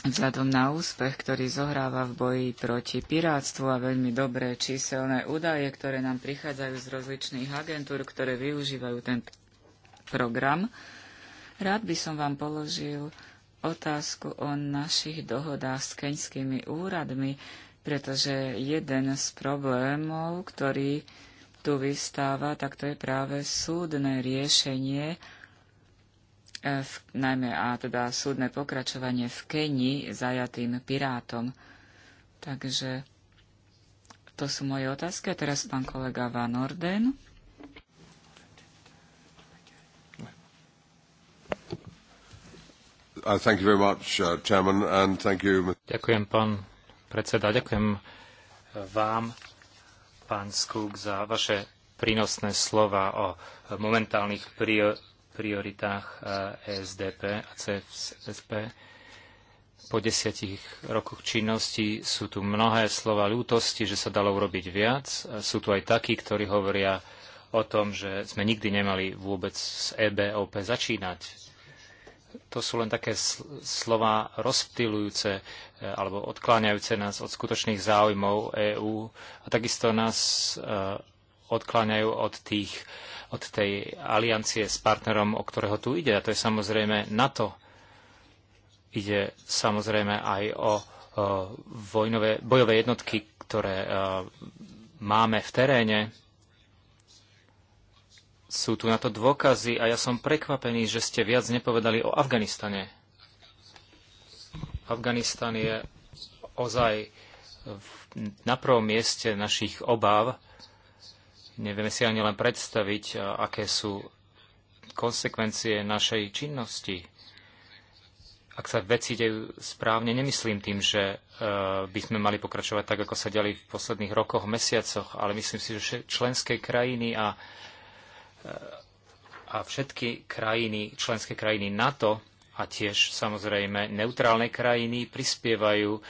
Vzhľadom na úspech, ktorý zohráva v boji proti pirátstvu a veľmi dobré číselné údaje, ktoré nám prichádzajú z rozličných agentúr, ktoré využívajú ten program, rád by som vám položil otázku o našich dohodách s keňskými úradmi, pretože jeden z problémov, ktorý tu vystáva, tak to je práve súdne riešenie v, najmä a teda súdne pokračovanie v Keni zajatým pirátom. Takže to sú moje otázky. A teraz pán kolega Van Orden. Uh, much, uh, ďakujem, pán predseda. Ďakujem uh, vám, pán Skúk, za vaše prínosné slova o momentálnych prior prioritách ESDP eh, a CSP. Po desiatich rokoch činnosti sú tu mnohé slova ľútosti, že sa dalo urobiť viac. Sú tu aj takí, ktorí hovoria o tom, že sme nikdy nemali vôbec s EBOP začínať. To sú len také slova rozptilujúce eh, alebo odkláňajúce nás od skutočných záujmov EÚ a takisto nás eh, odkláňajú od tých uh, od tej aliancie s partnerom, o ktorého tu ide. A to je samozrejme NATO. Ide samozrejme aj o, o vojnové, bojové jednotky, ktoré e, máme v teréne. Sú tu na to dôkazy a ja som prekvapený, že ste viac nepovedali o Afganistane. Afganistan je ozaj na prvom mieste našich obáv Nevieme si ani len predstaviť, aké sú konsekvencie našej činnosti. Ak sa veci dejú správne, nemyslím tým, že e, by sme mali pokračovať tak, ako sa diali v posledných rokoch, mesiacoch, ale myslím si, že členské krajiny a, e, a všetky krajiny, členské krajiny NATO a tiež samozrejme neutrálne krajiny prispievajú e,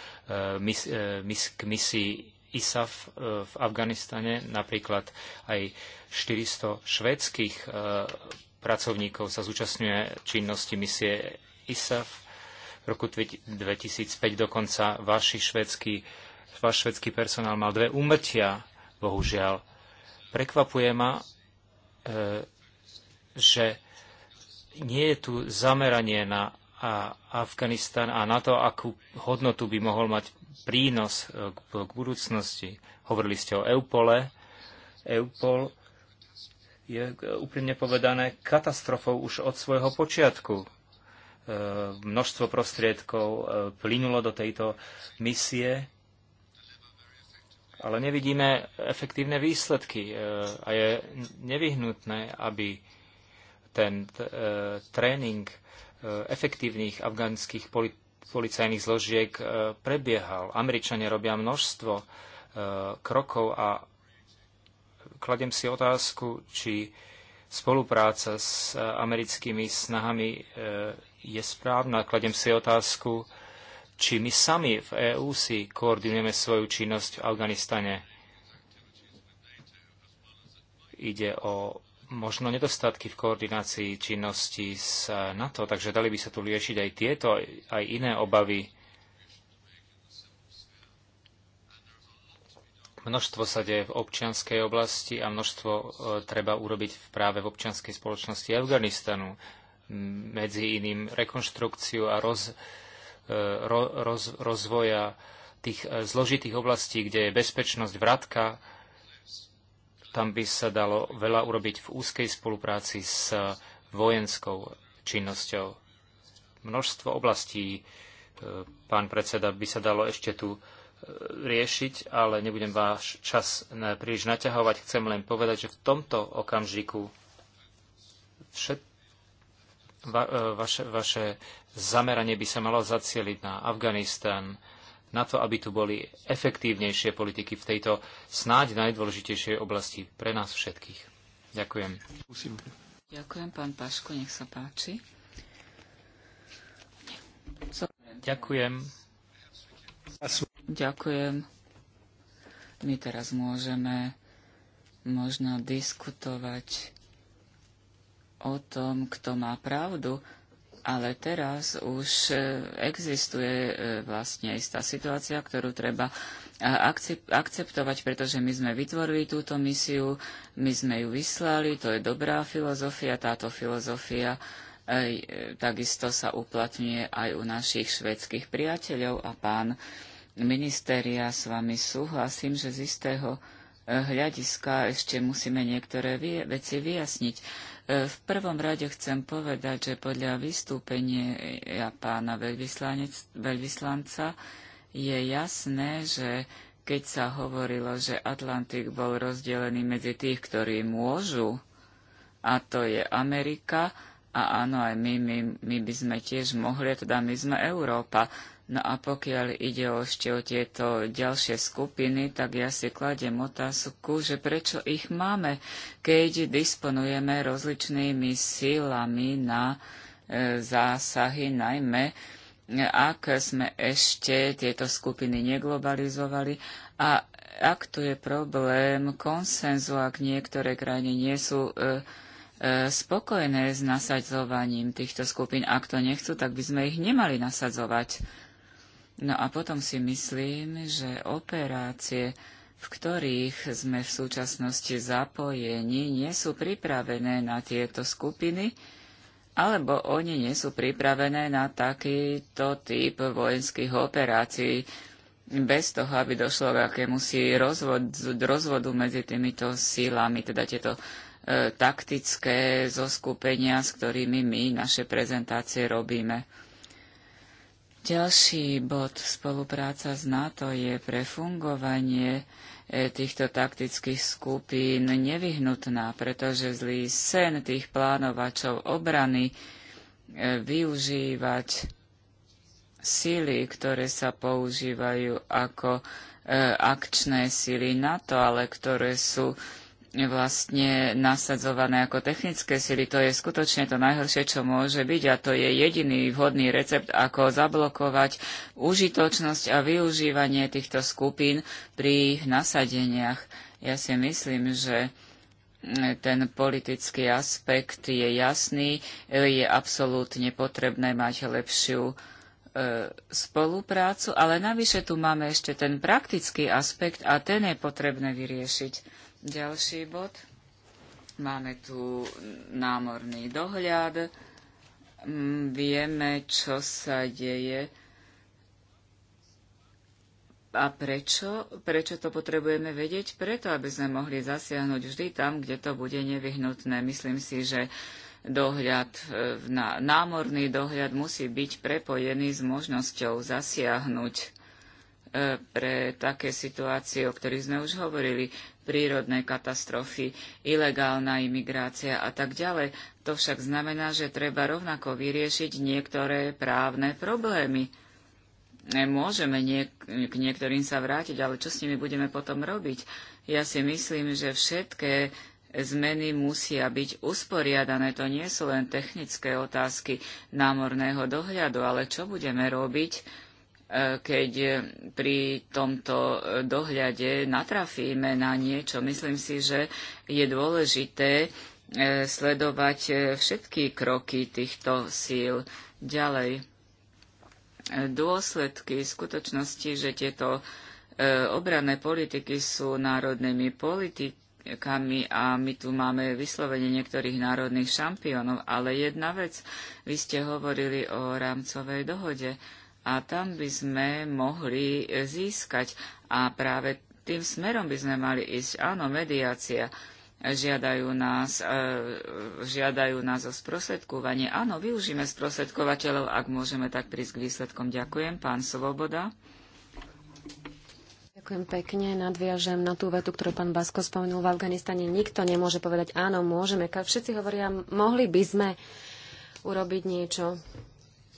mis, mis, k misii ISAF e, v Afganistane, napríklad aj 400 švédskych e, pracovníkov sa zúčastňuje činnosti misie ISAF. V roku 2005 dokonca vaši švédsky, váš švédsky personál mal dve úmrtia, bohužiaľ. Prekvapuje ma, e, že nie je tu zameranie na Afganistan a na to, akú hodnotu by mohol mať prínos e, k budúcnosti. Hovorili ste o Eupole. Eupol je e, úprimne povedané katastrofou už od svojho počiatku. E, množstvo prostriedkov plynulo do tejto misie, ale nevidíme efektívne výsledky a je nevyhnutné, aby ten tréning efektívnych afgánskych politikov policajných zložiek e, prebiehal. Američania robia množstvo e, krokov a kladem si otázku, či spolupráca s e, americkými snahami je správna. Kladem si otázku, či my sami v EÚ si koordinujeme svoju činnosť v Afganistane. Ide o možno nedostatky v koordinácii činnosti s NATO, takže dali by sa tu riešiť aj tieto, aj iné obavy. Množstvo sa deje v občianskej oblasti a množstvo e, treba urobiť práve v občianskej spoločnosti Afganistanu. Medzi iným rekonštrukciu a roz, e, roz, roz rozvoja tých e, zložitých oblastí, kde je bezpečnosť vratka, tam by sa dalo veľa urobiť v úzkej spolupráci s vojenskou činnosťou. Množstvo oblastí, e, pán predseda, by sa dalo ešte tu e, riešiť, ale nebudem váš čas príliš naťahovať. Chcem len povedať, že v tomto okamžiku všet, va, e, vaše, vaše zameranie by sa malo zacieliť na Afganistan, na to, aby tu boli efektívnejšie politiky v tejto snáď najdôležitejšej oblasti pre nás všetkých. Ďakujem. Ďakujem, pán Paško, nech sa páči. Ďakujem. Ďakujem. My teraz môžeme možno diskutovať o tom, kto má pravdu ale teraz už e, existuje e, vlastne istá situácia, ktorú treba e, akceptovať, pretože my sme vytvorili túto misiu, my sme ju vyslali, to je dobrá filozofia, táto filozofia takisto sa uplatňuje aj u našich švedských priateľov a pán minister, ja s vami súhlasím, že z istého hľadiska ešte musíme niektoré veci vyjasniť E, v prvom rade chcem povedať, že podľa vystúpenia pána veľvyslanca je jasné, že keď sa hovorilo, že Atlantik bol rozdelený medzi tých, ktorí môžu, a to je Amerika, a áno, aj my, my, my by sme tiež mohli, teda my sme Európa. No a pokiaľ ide o ešte o tieto ďalšie skupiny, tak ja si kladem otázku, že prečo ich máme, keď disponujeme rozličnými sílami na e, zásahy, najmä ak sme ešte tieto skupiny neglobalizovali a ak tu je problém konsenzu, ak niektoré krajiny nie sú e, e spokojné s nasadzovaním týchto skupín, ak to nechcú, tak by sme ich nemali nasadzovať. No a potom si myslím, že operácie, v ktorých sme v súčasnosti zapojení, nie sú pripravené na tieto skupiny, alebo oni nie sú pripravené na takýto typ vojenských operácií, bez toho, aby došlo k akémusi rozvod, rozvodu medzi týmito sílami, teda tieto e, taktické zoskupenia, s ktorými my naše prezentácie robíme. Ďalší bod spolupráca s NATO je pre fungovanie e, týchto taktických skupín nevyhnutná, pretože zlý sen tých plánovačov obrany e, využívať síly, ktoré sa používajú ako e, akčné síly NATO, ale ktoré sú vlastne nasadzované ako technické sily. To je skutočne to najhoršie, čo môže byť a to je jediný vhodný recept, ako zablokovať užitočnosť a využívanie týchto skupín pri ich nasadeniach. Ja si myslím, že ten politický aspekt je jasný, je absolútne potrebné mať lepšiu e, spoluprácu, ale navyše tu máme ešte ten praktický aspekt a ten je potrebné vyriešiť ďalší bod. Máme tu námorný dohľad. Mm, vieme, čo sa deje a prečo? Prečo to potrebujeme vedieť? Preto, aby sme mohli zasiahnuť vždy tam, kde to bude nevyhnutné. Myslím si, že dohľad, e, námorný dohľad musí byť prepojený s možnosťou zasiahnuť. E, pre také situácie, o ktorých sme už hovorili, prírodné katastrofy, ilegálna imigrácia a tak ďalej. To však znamená, že treba rovnako vyriešiť niektoré právne problémy. E, môžeme niek- k niektorým sa vrátiť, ale čo s nimi budeme potom robiť? Ja si myslím, že všetké zmeny musia byť usporiadané. To nie sú len technické otázky námorného dohľadu, ale čo budeme robiť? keď pri tomto dohľade natrafíme na niečo. Myslím si, že je dôležité e, sledovať e, všetky kroky týchto síl ďalej. E, dôsledky skutočnosti, že tieto obranné politiky sú národnými politikami a my tu máme vyslovene niektorých národných šampiónov, ale jedna vec, vy ste hovorili o rámcovej dohode a tam by sme mohli získať. A práve tým smerom by sme mali ísť. Áno, mediácia. Žiadajú nás, e, žiadajú nás o sprostredkovanie. Áno, využíme sprostredkovateľov, ak môžeme tak prísť k výsledkom. Ďakujem, pán Svoboda. Ďakujem pekne. Nadviažem na tú vetu, ktorú pán Basko spomenul. V Afganistane nikto nemôže povedať áno, môžeme. Všetci hovoria, mohli by sme urobiť niečo.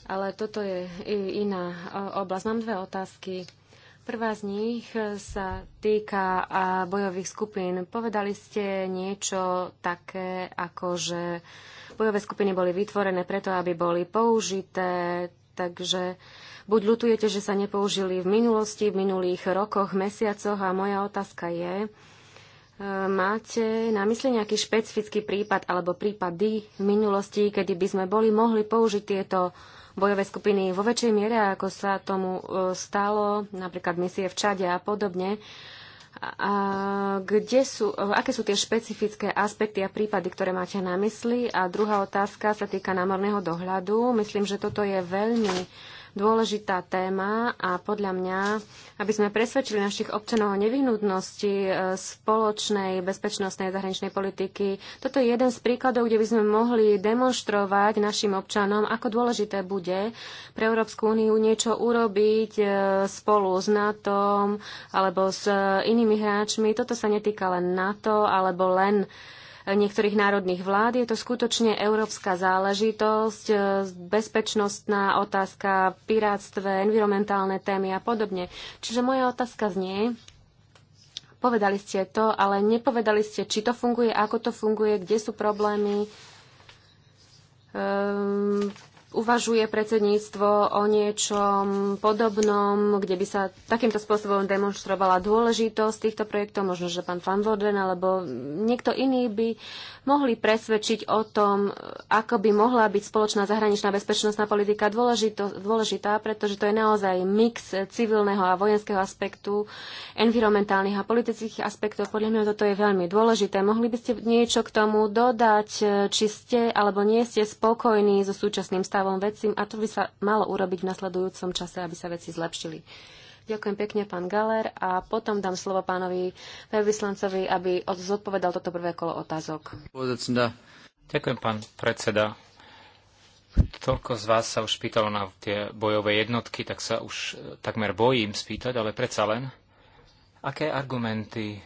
Ale toto je iná e, oblasť. Mám dve otázky. Prvá z nich sa týka bojových skupín. Povedali ste niečo také, ako že bojové skupiny boli vytvorené preto, aby boli použité, takže buď ľutujete, že sa nepoužili v minulosti, v minulých rokoch, mesiacoch a moja otázka je, e, máte na mysli nejaký špecifický prípad alebo prípady v minulosti, kedy by sme boli mohli použiť tieto bojové skupiny vo väčšej miere, ako sa tomu e, stalo, napríklad misie v Čade a podobne. A kde sú, e, aké sú tie špecifické aspekty a prípady, ktoré máte na mysli? A druhá otázka sa týka námorného dohľadu. Myslím, že toto je veľmi dôležitá téma a podľa mňa, aby sme presvedčili našich občanov o nevyhnutnosti e, spoločnej bezpečnostnej zahraničnej politiky, toto je jeden z príkladov, kde by sme mohli demonstrovať našim občanom, ako dôležité bude pre Európsku úniu niečo urobiť e, spolu s NATO alebo s e, inými hráčmi. Toto sa netýka len NATO alebo len niektorých národných vlád. Je to skutočne európska záležitosť, e, bezpečnostná otázka, pirátstve, environmentálne témy a podobne. Čiže moja otázka znie, povedali ste to, ale nepovedali ste, či to funguje, ako to funguje, kde sú problémy, ehm, uvažuje predsedníctvo o niečom podobnom, kde by sa takýmto spôsobom demonstrovala dôležitosť týchto projektov? Možno, že pán Van Vorden alebo niekto iný by mohli presvedčiť o tom, ako by mohla byť spoločná zahraničná bezpečnostná politika dôležito, dôležitá, pretože to je naozaj mix civilného a vojenského aspektu, environmentálnych a politických aspektov. Podľa mňa toto je veľmi dôležité. Mohli by ste niečo k tomu dodať, či ste alebo nie ste spokojní so súčasným stavom? spôsobom veci a to by sa malo urobiť v nasledujúcom čase, aby sa veci zlepšili. Ďakujem pekne, pán Galer, a potom dám slovo pánovi veľvyslancovi, aby zodpovedal toto prvé kolo otázok. Ďakujem, pán predseda. Toľko z vás sa už pýtalo na tie bojové jednotky, tak sa už e, takmer bojím spýtať, ale predsa len, aké argumenty,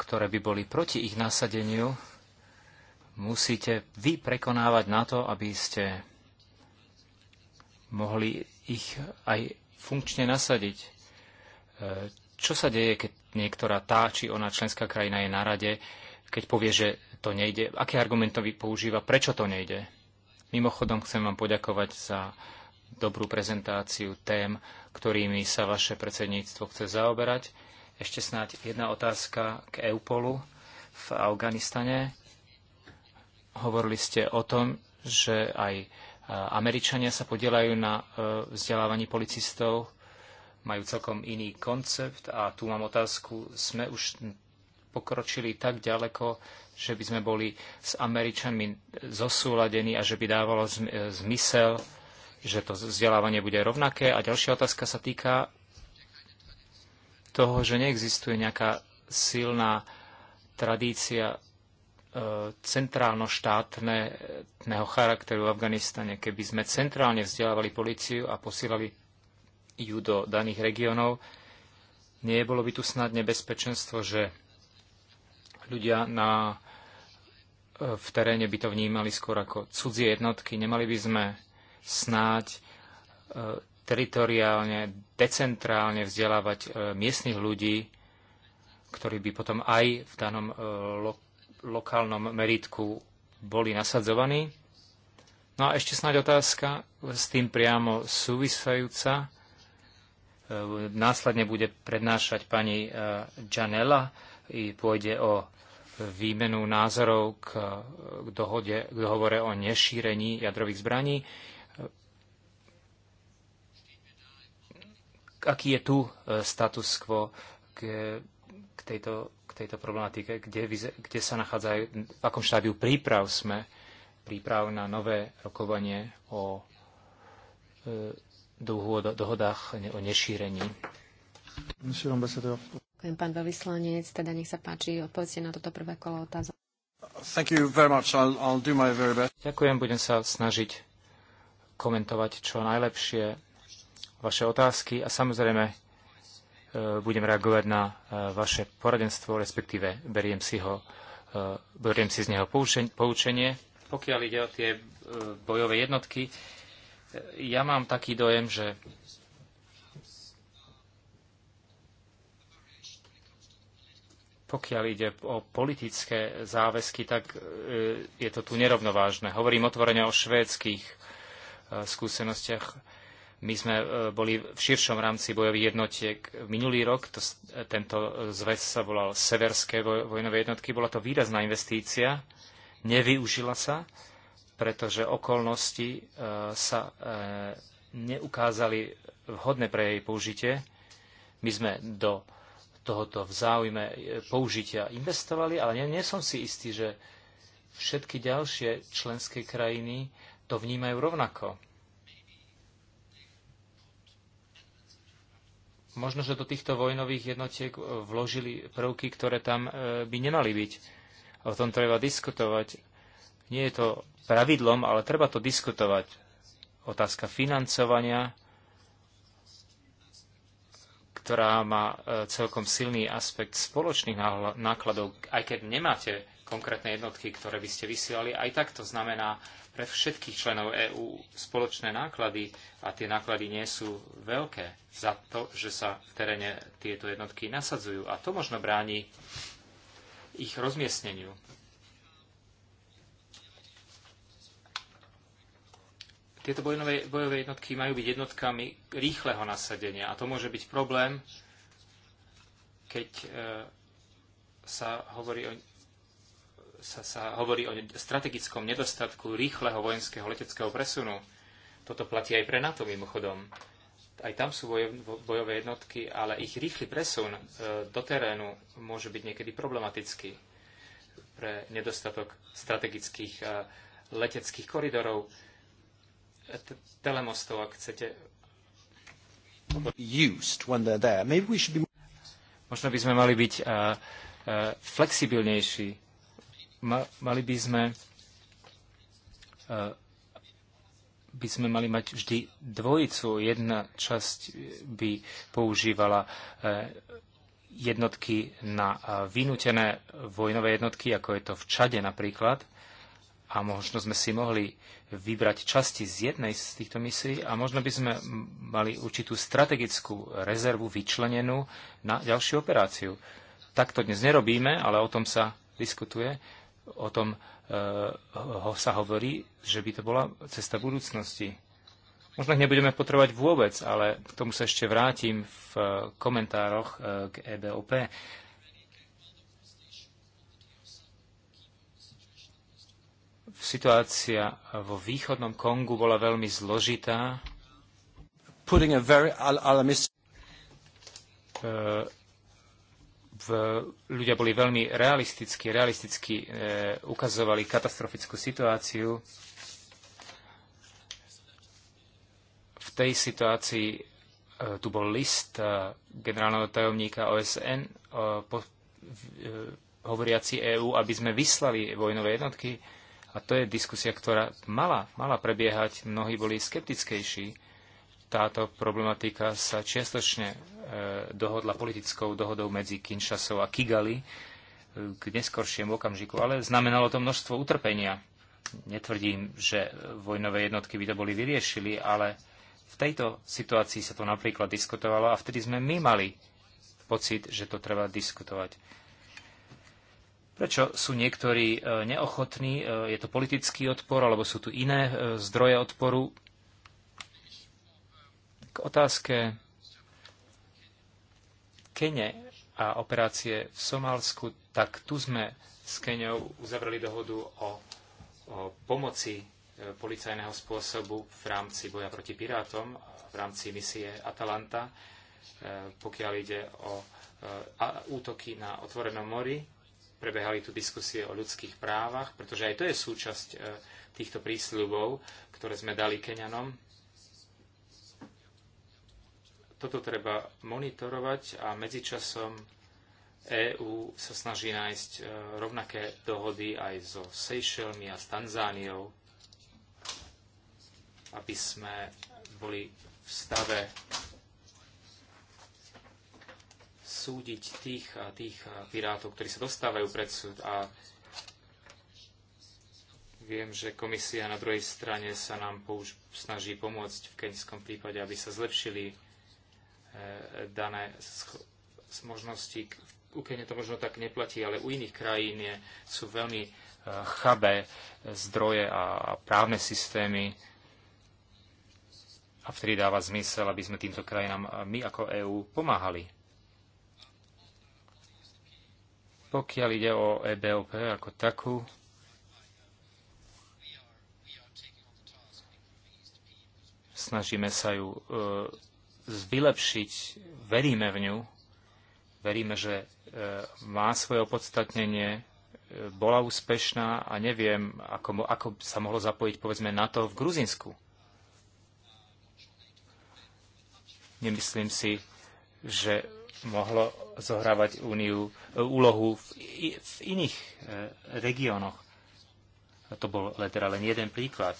ktoré by boli proti ich nasadeniu, musíte vy prekonávať na to, aby ste mohli ich aj funkčne nasadiť. E, čo sa deje, keď niektorá tá či ona členská krajina je na rade, keď povie, že to nejde? Aké argumenty používa? Prečo to nejde? Mimochodom, chcem vám poďakovať za dobrú prezentáciu tém, ktorými sa vaše predsedníctvo chce zaoberať. Ešte snáď jedna otázka k EUPOLu v Afganistane. Hovorili ste o tom, že aj Američania sa podielajú na e, vzdelávaní policistov, majú celkom iný koncept a tu mám otázku, sme už pokročili tak ďaleko, že by sme boli s Američanmi zosúladení a že by dávalo e, zmysel, že to vzdelávanie bude rovnaké. A ďalšia otázka sa týka toho, že neexistuje nejaká silná tradícia centrálno-štátneho charakteru v Afganistane. Keby sme centrálne vzdelávali policiu a posílali ju do daných regiónov, nebolo by tu snad nebezpečenstvo, že ľudia na, v teréne by to vnímali skôr ako cudzie jednotky. Nemali by sme snáď e, teritoriálne, decentrálne vzdelávať e, miestnych ľudí, ktorí by potom aj v danom e, lokálnom meritku boli nasadzovaní. No a ešte snáď otázka s tým priamo súvisajúca. E, následne bude prednášať pani Janela. E, I pôjde o výmenu názorov k, k, dohode, k dohovore o nešírení jadrových zbraní. E, aký je tu status quo k, k tejto tejto problematike, kde, kde sa nachádzajú, v akom štádiu príprav sme, príprav na nové rokovanie o e, dohodách o nešírení. Ďakujem, pán veľvyslanec. Teda nech sa páči, odpovedzte na toto prvé kolo otázok. I'll, I'll Ďakujem, budem sa snažiť komentovať čo najlepšie vaše otázky a samozrejme E, budem reagovať na e, vaše poradenstvo, respektíve beriem si, ho, e, beriem si z neho poučenie. Pokiaľ ide o tie bojové jednotky, ja mám taký dojem, že pokiaľ ide o politické záväzky, tak je to tu nerovnovážne. Hovorím otvorene o švédskych skúsenostiach my sme e, boli v širšom rámci bojových jednotiek minulý rok. To, e, tento zväz sa volal Severské vojnové jednotky. Bola to výrazná investícia. Nevyužila sa, pretože okolnosti e, sa neukázali vhodné pre jej použitie. My sme do tohoto v záujme použitia investovali, ale nie, nie som si istý, že všetky ďalšie členské krajiny to vnímajú rovnako. Možno, že do týchto vojnových jednotiek e, vložili prvky, ktoré tam e, by nemali byť. o tom treba diskutovať. Nie je to pravidlom, ale treba to diskutovať. Otázka financovania, ktorá má e, celkom silný aspekt spoločných nákladov, aj keď nemáte konkrétne jednotky, ktoré by ste vysielali, aj tak to znamená pre všetkých členov EÚ spoločné náklady a tie náklady nie sú veľké za to, že sa v teréne tieto jednotky nasadzujú a to možno bráni ich rozmiestneniu. Tieto bojové, bojové jednotky majú byť jednotkami rýchleho nasadenia a to môže byť problém, keď e, sa hovorí o sa, sa hovorí o strategickom nedostatku rýchleho vojenského leteckého presunu. Toto platí aj pre NATO mimochodom. Aj tam sú bojové jednotky, ale ich rýchly presun e, do terénu môže byť niekedy problematický pre nedostatok strategických e, leteckých koridorov telemostov, ak chcete. Used when they're there. Maybe we should be... Možno by sme mali byť uh, uh, flexibilnejší. Ma, mali by sme uh, by sme mali mať vždy dvojicu. Jedna časť by používala uh, jednotky na uh, vynútené vojnové jednotky, ako je to v Čade napríklad a možno sme si mohli vybrať časti z jednej z týchto misií a možno by sme mali určitú strategickú rezervu vyčlenenú na ďalšiu operáciu. Tak to dnes nerobíme, ale o tom sa diskutuje, o tom e, sa hovorí, že by to bola cesta budúcnosti. Možno ich nebudeme potrebovať vôbec, ale k tomu sa ešte vrátim v eh, komentároch eh, k EBOP. Situácia vo východnom Kongu bola veľmi zložitá. E, v, ľudia boli veľmi realisticky, realisticky e, ukazovali katastrofickú situáciu. V tej situácii e, tu bol list e, generálneho tajomníka OSN e, po, e, hovoriaci EÚ, aby sme vyslali vojnové jednotky. A to je diskusia, ktorá mala, mala prebiehať. Mnohí boli skeptickejší. Táto problematika sa čiastočne e, dohodla politickou dohodou medzi Kinshasou a Kigali e, k neskoršiemu okamžiku, ale znamenalo to množstvo utrpenia. Netvrdím, že vojnové jednotky by to boli vyriešili, ale v tejto situácii sa to napríklad diskutovalo a vtedy sme my mali pocit, že to treba diskutovať. Prečo sú niektorí e, neochotní? E, je to politický odpor, alebo sú tu iné e, zdroje odporu? K otázke Kene a operácie v Somálsku, tak tu sme s Keňou uzavreli dohodu o, o pomoci policajného spôsobu v rámci boja proti pirátom, v rámci misie Atalanta, pokiaľ ide o útoky na otvorenom mori Prebehali tu diskusie o ľudských právach, pretože aj to je súčasť e, týchto prísľubov, ktoré sme dali Keňanom. Toto treba monitorovať a medzičasom EÚ sa snaží nájsť e, rovnaké dohody aj so Seychellmi a s Tanzániou, aby sme boli v stave súdiť tých, tých pirátov, ktorí sa dostávajú pred súd. A viem, že komisia na druhej strane sa nám použ- snaží pomôcť v keňskom prípade, aby sa zlepšili e, dané možnosti. U Kenia to možno tak neplatí, ale u iných krajín je, sú veľmi e, chabé e, zdroje a, a právne systémy, a vtedy dáva zmysel, aby sme týmto krajinám e, my ako EÚ pomáhali. Pokiaľ ide o EBOP ako takú, snažíme sa ju e, vylepšiť, veríme v ňu, veríme, že e, má svoje opodstatnenie, e, bola úspešná a neviem, ako, ako sa mohlo zapojiť povedzme NATO v Gruzinsku. Nemyslím si, že mohlo zohrávať úniu, e, úlohu v, v iných e, regiónoch. To bol teda len jeden príklad.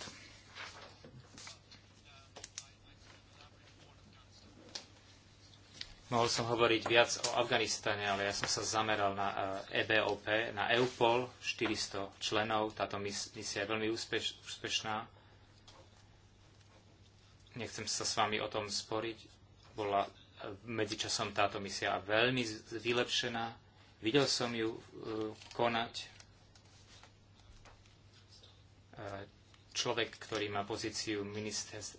Mohol som hovoriť viac o Afganistane, ale ja som sa zameral na EBOP, e na EUPOL, 400 členov. Táto misia je veľmi úspeš, úspešná. Nechcem sa s vami o tom sporiť. Bola medzičasom táto misia veľmi vylepšená. Videl som ju e, konať. E, človek, ktorý má pozíciu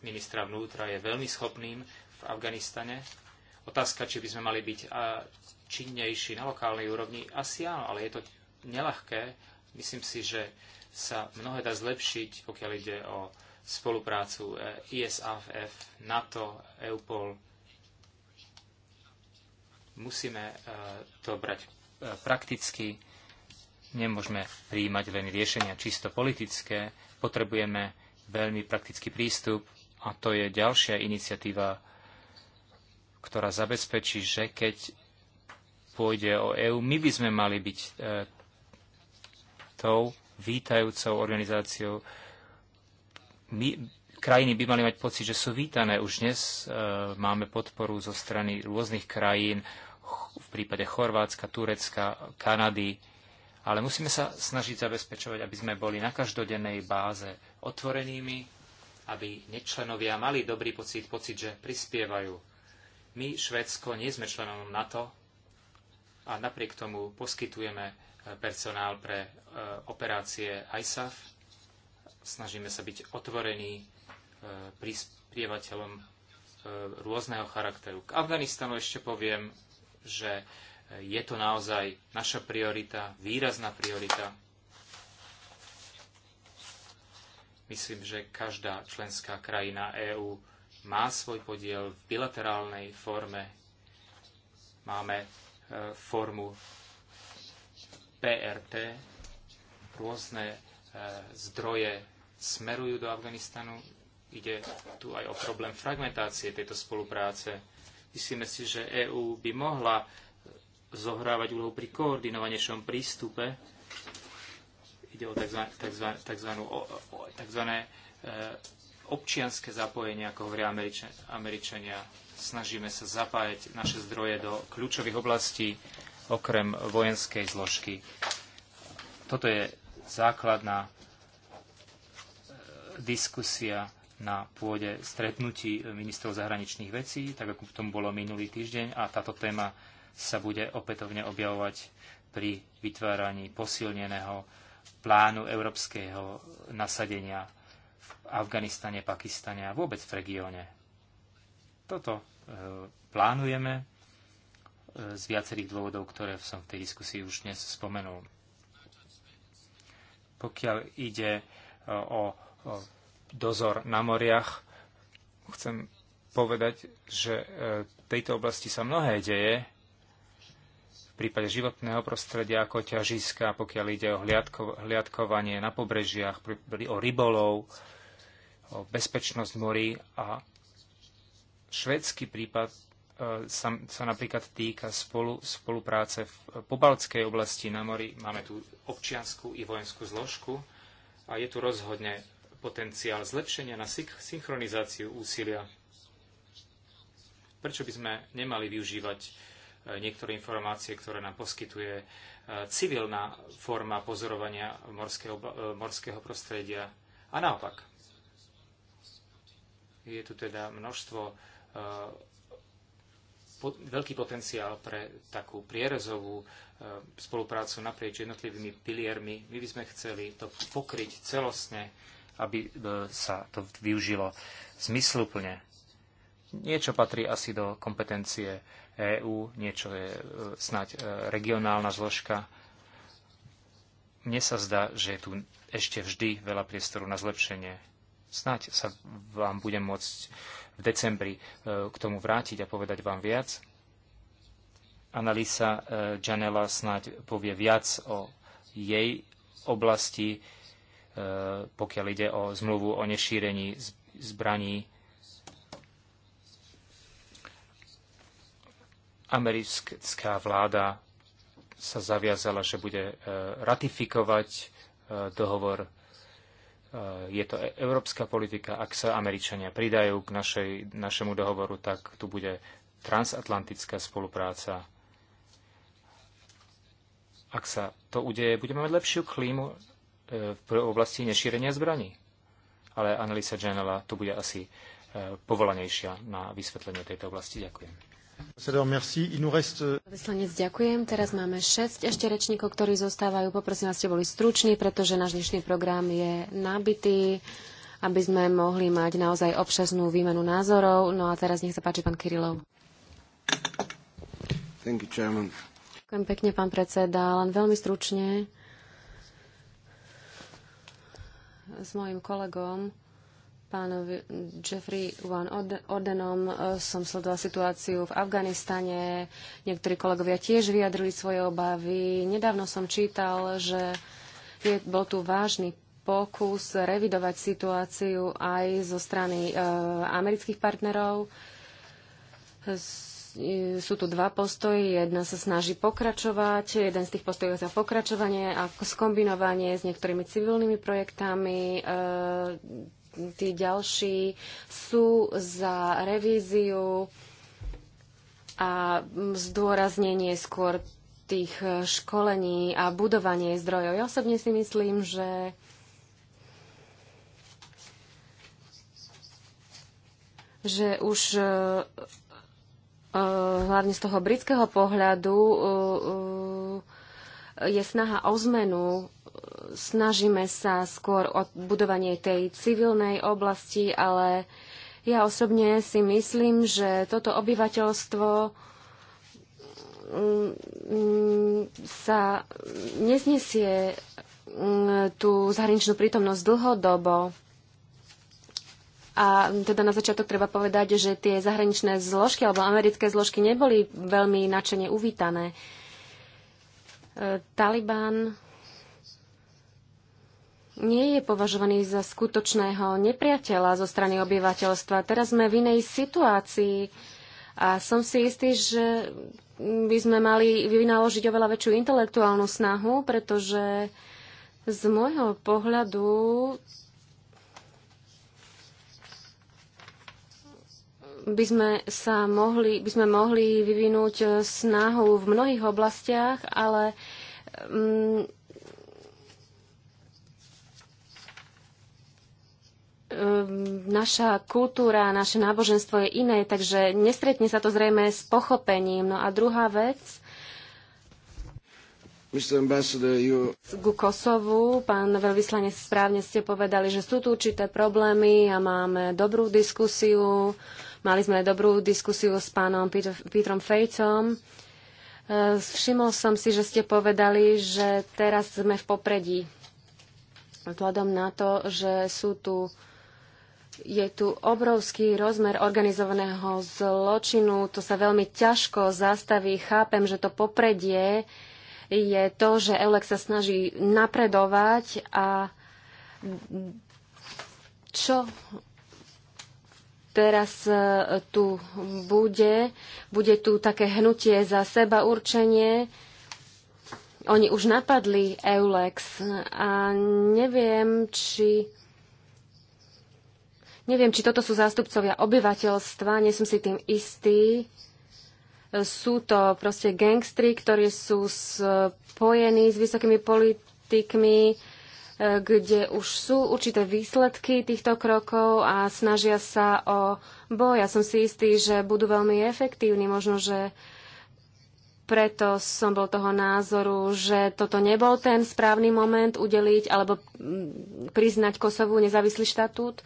ministra vnútra, je veľmi schopným v Afganistane. Otázka, či by sme mali byť činnejší na lokálnej úrovni, asi áno, ale je to nelahké. Myslím si, že sa mnohé dá zlepšiť, pokiaľ ide o spoluprácu e, ISAF, NATO, EUPOL, Musíme e, to brať e, prakticky. Nemôžeme príjmať len riešenia čisto politické. Potrebujeme veľmi praktický prístup a to je ďalšia iniciatíva, ktorá zabezpečí, že keď pôjde o EÚ, my by sme mali byť e, tou vítajúcou organizáciou. My, krajiny by mali mať pocit, že sú vítané. Už dnes e, máme podporu zo strany rôznych krajín, v prípade Chorvátska, Turecka, Kanady, ale musíme sa snažiť zabezpečovať, aby sme boli na každodennej báze otvorenými, aby nečlenovia mali dobrý pocit, pocit, že prispievajú. My, Švedsko, nie sme členom NATO a napriek tomu poskytujeme eh, personál pre eh, operácie ISAF. Snažíme sa byť otvorení eh, prispievateľom rôzneho charakteru. K Afganistanu ešte poviem, že je to naozaj naša priorita, výrazná priorita. Myslím, že každá členská krajina EÚ má svoj podiel v bilaterálnej forme. Máme e, formu PRT, rôzne e, zdroje smerujú do Afganistanu. Ide tu aj o problém fragmentácie tejto spolupráce. Myslíme si, že EÚ by mohla zohrávať úlohu pri koordinovanejšom prístupe. Ide o tzv. tzv. E, občianské zapojenie, ako hovoria Američania. Snažíme sa zapájať naše zdroje do kľúčových oblastí, okrem vojenskej zložky. Toto je základná e, diskusia na pôde stretnutí ministrov zahraničných vecí, tak ako v tom bolo minulý týždeň a táto téma sa bude opätovne objavovať pri vytváraní posilneného plánu európskeho nasadenia v Afganistane, Pakistane a vôbec v regióne. Toto e, plánujeme e, z viacerých dôvodov, ktoré som v tej diskusii už dnes spomenul. Pokiaľ ide e, o, o dozor na moriach. Chcem povedať, že e, v tejto oblasti sa mnohé deje. V prípade životného prostredia ako ťažiska, pokiaľ ide o hliadko, hliadkovanie na pobrežiach, o rybolov, o bezpečnosť morí a švedský prípad e, sa, sa napríklad týka spolu, spolupráce v e, pobaltskej oblasti na mori. Máme tu občianskú i vojenskú zložku a je tu rozhodne potenciál zlepšenia na synchronizáciu úsilia. Prečo by sme nemali využívať e, niektoré informácie, ktoré nám poskytuje e, civilná forma pozorovania morského, e, morského prostredia a naopak. Je tu teda množstvo po, veľký potenciál pre takú prierezovú spoluprácu naprieč jednotlivými piliermi. My by sme chceli to pokryť celostne aby e, sa to využilo zmysluplne. Niečo patrí asi do kompetencie EÚ, niečo je e, snáď e, regionálna zložka. Mne sa zdá, že je tu ešte vždy veľa priestoru na zlepšenie. Snáď sa vám budem môcť v decembri k tomu vrátiť a povedať vám viac. Analýza Janela snáď povie viac o jej oblasti, pokiaľ ide o zmluvu o nešírení zbraní. Americká vláda sa zaviazala, že bude e, ratifikovať e, dohovor. E, je to európska politika. Ak sa Američania pridajú k našej, našemu dohovoru, tak tu bude transatlantická spolupráca. Ak sa to udeje, budeme mať lepšiu klímu v oblasti nešírenia zbraní. Ale Annalisa Janela tu bude asi e, povolanejšia na vysvetlenie tejto oblasti. Ďakujem. Vyslanec, ďakujem. Teraz máme šesť ešte rečníkov, ktorí zostávajú. Poprosím aby ste boli struční, pretože náš dnešný program je nabitý, aby sme mohli mať naozaj občasnú výmenu názorov. No a teraz nech sa páči pán Kirilov. Thank you, Ďakujem pekne, pán predseda. Len veľmi stručne s mojim kolegom, pánovi Jeffrey Van Ordenom e, som sledoval situáciu v Afganistane. Niektorí kolegovia tiež vyjadrili svoje obavy. Nedávno som čítal, že je, bol tu vážny pokus revidovať situáciu aj zo strany e, amerických partnerov sú tu dva postoje. Jedna sa snaží pokračovať, jeden z tých postojov je za pokračovanie a skombinovanie s niektorými civilnými projektami. E, tí ďalší sú za revíziu a zdôraznenie skôr tých školení a budovanie zdrojov. Ja osobne si myslím, že že už Eh, hlavne z toho britského pohľadu, eh, eh, je snaha o zmenu. Snažíme sa skôr o budovanie tej civilnej oblasti, ale ja osobne si myslím, že toto obyvateľstvo mm, mm, sa neznesie mm, tú zahraničnú prítomnosť dlhodobo. A teda na začiatok treba povedať, že tie zahraničné zložky alebo americké zložky neboli veľmi načene uvítané. E, Taliban nie je považovaný za skutočného nepriateľa zo strany obyvateľstva. Teraz sme v inej situácii a som si istý, že by sme mali vynaložiť oveľa väčšiu intelektuálnu snahu, pretože z môjho pohľadu by sme sa mohli, by sme mohli vyvinúť snahu v mnohých oblastiach, ale mm, naša kultúra, naše náboženstvo je iné, takže nestretne sa to zrejme s pochopením. No a druhá vec, Ku Kosovu, pán veľvyslanec, správne ste povedali, že sú tu určité problémy a máme dobrú diskusiu. Uh, Mali sme dobrú diskusiu s pánom Petrom Fejcom. E, všimol som si, že ste povedali, že teraz sme v popredí. Vzhľadom na to, že sú tu je tu obrovský rozmer organizovaného zločinu, to sa veľmi ťažko zastaví. Chápem, že to popredie je to, že Eulex sa snaží napredovať a čo teraz e, tu bude. Bude tu také hnutie za seba určenie. Oni už napadli Eulex a neviem, či Neviem, či toto sú zástupcovia obyvateľstva, nie som si tým istý. Sú to proste gangstri, ktorí sú spojení s vysokými politikmi, kde už sú určité výsledky týchto krokov a snažia sa o boj. Ja som si istý, že budú veľmi efektívni. Možno, že preto som bol toho názoru, že toto nebol ten správny moment udeliť alebo mm, priznať Kosovu nezávislý štatút. Uh,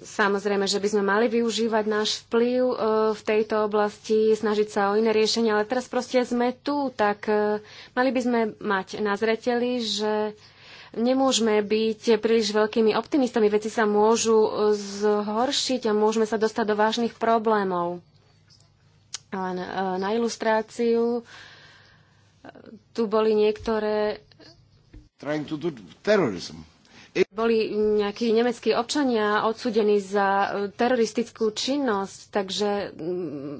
Samozrejme, že by sme mali využívať náš vplyv e, v tejto oblasti, snažiť sa o iné riešenia, ale teraz proste sme tu, tak e, mali by sme mať na zreteli, že nemôžeme byť príliš veľkými optimistami. Veci sa môžu e, zhoršiť a môžeme sa dostať do vážnych problémov. Len na ilustráciu tu boli niektoré... Trying to do terrorism. Boli nejakí nemeckí občania odsudení za e, teroristickú činnosť, takže mm,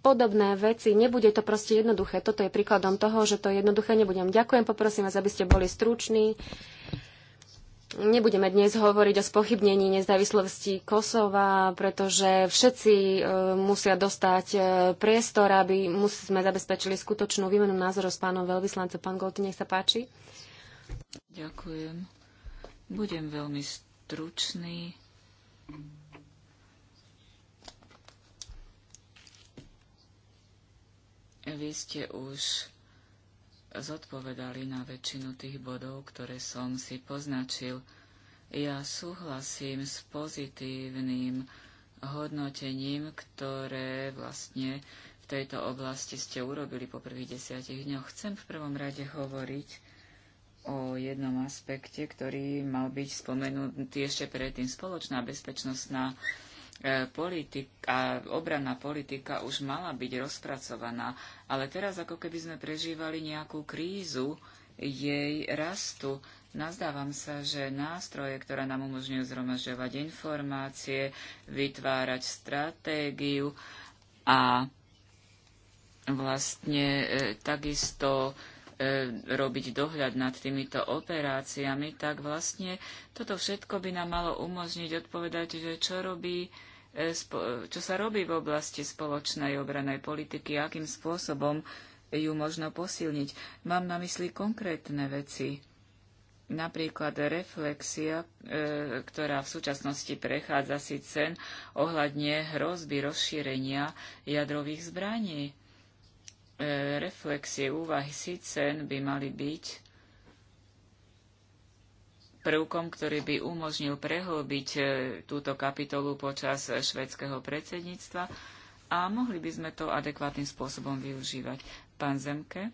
podobné veci. Nebude to proste jednoduché. Toto je príkladom toho, že to jednoduché nebudem. Ďakujem, poprosím vás, aby ste boli struční. Nebudeme dnes hovoriť o spochybnení nezávislosti Kosova, pretože všetci e, musia dostať e, priestor, aby sme zabezpečili skutočnú výmenu názorov s pánom veľvyslancom. Pán Golty, nech sa páči. Ďakujem. Budem veľmi stručný. Vy ste už zodpovedali na väčšinu tých bodov, ktoré som si poznačil. Ja súhlasím s pozitívnym hodnotením, ktoré vlastne v tejto oblasti ste urobili po prvých desiatich dňoch. Chcem v prvom rade hovoriť o jednom aspekte, ktorý mal byť spomenutý ešte predtým. Spoločná bezpečnostná e, politika, obranná politika už mala byť rozpracovaná, ale teraz ako keby sme prežívali nejakú krízu jej rastu. Nazdávam sa, že nástroje, ktoré nám umožňujú zhromažďovať informácie, vytvárať stratégiu a vlastne e, takisto e, E, robiť dohľad nad týmito operáciami, tak vlastne toto všetko by nám malo umožniť odpovedať, že čo robí e, čo sa robí v oblasti spoločnej obranej politiky, akým spôsobom ju možno posilniť. Mám na mysli konkrétne veci. Napríklad reflexia, e, ktorá v súčasnosti prechádza si cen ohľadne hrozby rozšírenia jadrových zbraní E, reflexie, úvahy Sicen by mali byť prvkom, ktorý by umožnil prehlbiť e, túto kapitolu počas švedského predsedníctva a mohli by sme to adekvátnym spôsobom využívať. Pán Zemke.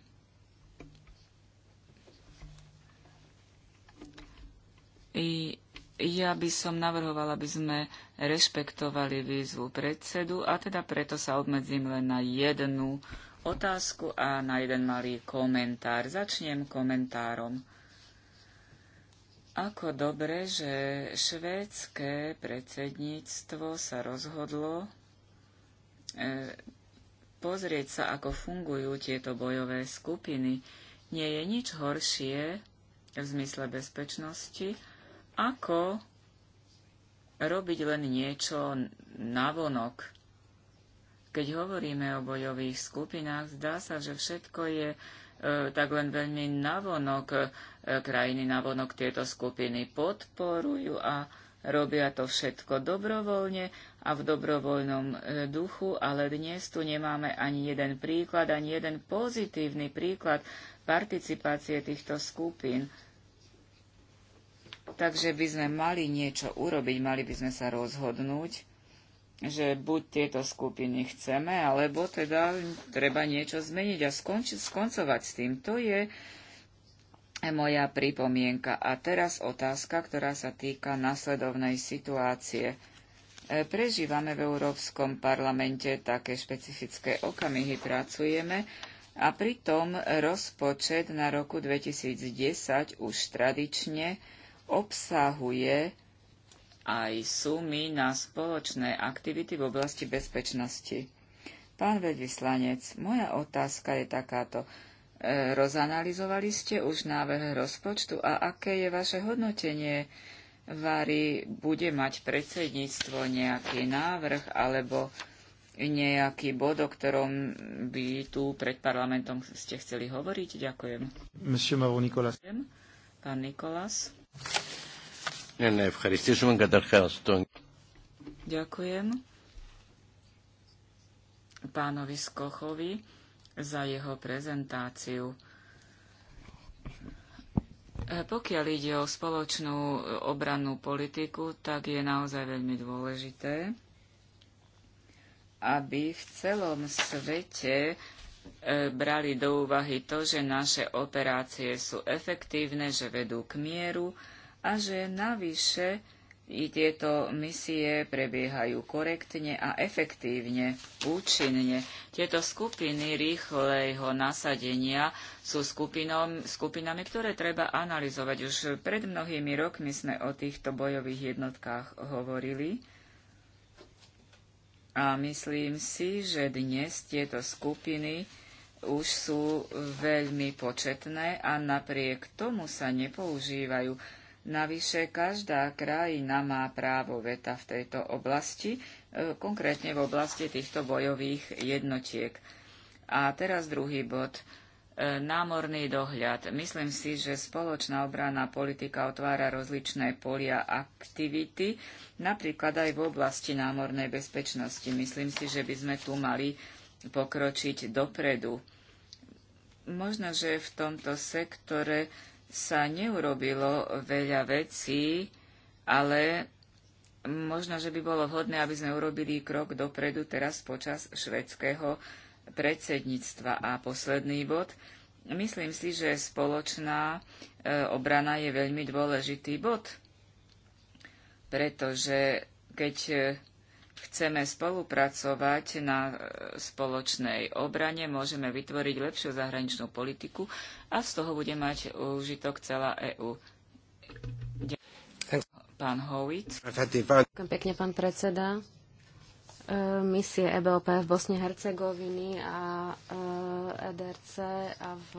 I ja by som navrhovala, aby sme rešpektovali výzvu predsedu a teda preto sa obmedzím len na jednu otázku a na jeden malý komentár. Začnem komentárom. Ako dobre, že švédske predsedníctvo sa rozhodlo e, pozrieť sa, ako fungujú tieto bojové skupiny. Nie je nič horšie v zmysle bezpečnosti, ako robiť len niečo navonok keď hovoríme o bojových skupinách, zdá sa, že všetko je e, tak len veľmi navonok. E, krajiny navonok tieto skupiny podporujú a robia to všetko dobrovoľne a v dobrovoľnom e, duchu, ale dnes tu nemáme ani jeden príklad, ani jeden pozitívny príklad participácie týchto skupín. Takže by sme mali niečo urobiť, mali by sme sa rozhodnúť, že buď tieto skupiny chceme, alebo teda treba niečo zmeniť a skonči, skoncovať s tým. To je moja pripomienka. A teraz otázka, ktorá sa týka nasledovnej situácie. E, prežívame v Európskom parlamente také špecifické okamihy, pracujeme a pritom rozpočet na roku 2010 už tradične obsahuje aj sumy na spoločné aktivity v oblasti bezpečnosti. Pán veľvyslanec, moja otázka je takáto. E, rozanalizovali ste už návrh rozpočtu a aké je vaše hodnotenie? Vary bude mať predsedníctvo nejaký návrh alebo nejaký bod, o ktorom by tu pred parlamentom ste chceli hovoriť? Ďakujem. Monsieur Mavro Pán Nikolás. Ďakujem pánovi Skochovi za jeho prezentáciu. E, pokiaľ ide o spoločnú obrannú politiku, tak je naozaj veľmi dôležité, aby v celom svete e, brali do úvahy to, že naše operácie sú efektívne, že vedú k mieru a že navyše i tieto misie prebiehajú korektne a efektívne, účinne. Tieto skupiny rýchleho nasadenia sú skupinom, skupinami, ktoré treba analyzovať. Už pred mnohými rokmi sme o týchto bojových jednotkách hovorili. A myslím si, že dnes tieto skupiny už sú veľmi početné a napriek tomu sa nepoužívajú Navyše, každá krajina má právo veta v tejto oblasti, e, konkrétne v oblasti týchto bojových jednotiek. A teraz druhý bod. E, námorný dohľad. Myslím si, že spoločná obranná politika otvára rozličné polia aktivity, napríklad aj v oblasti námornej bezpečnosti. Myslím si, že by sme tu mali pokročiť dopredu. Možno, že v tomto sektore sa neurobilo veľa vecí, ale možno, že by bolo vhodné, aby sme urobili krok dopredu teraz počas švedského predsedníctva. A posledný bod. Myslím si, že spoločná e, obrana je veľmi dôležitý bod, pretože keď e, chceme spolupracovať na e, spoločnej obrane, môžeme vytvoriť lepšiu zahraničnú politiku a z toho bude mať užitok celá EÚ. Pán Howitt. Ďakujem pekne, pán predseda. E, misie EBOP v Bosne Hercegoviny a EDRC e a v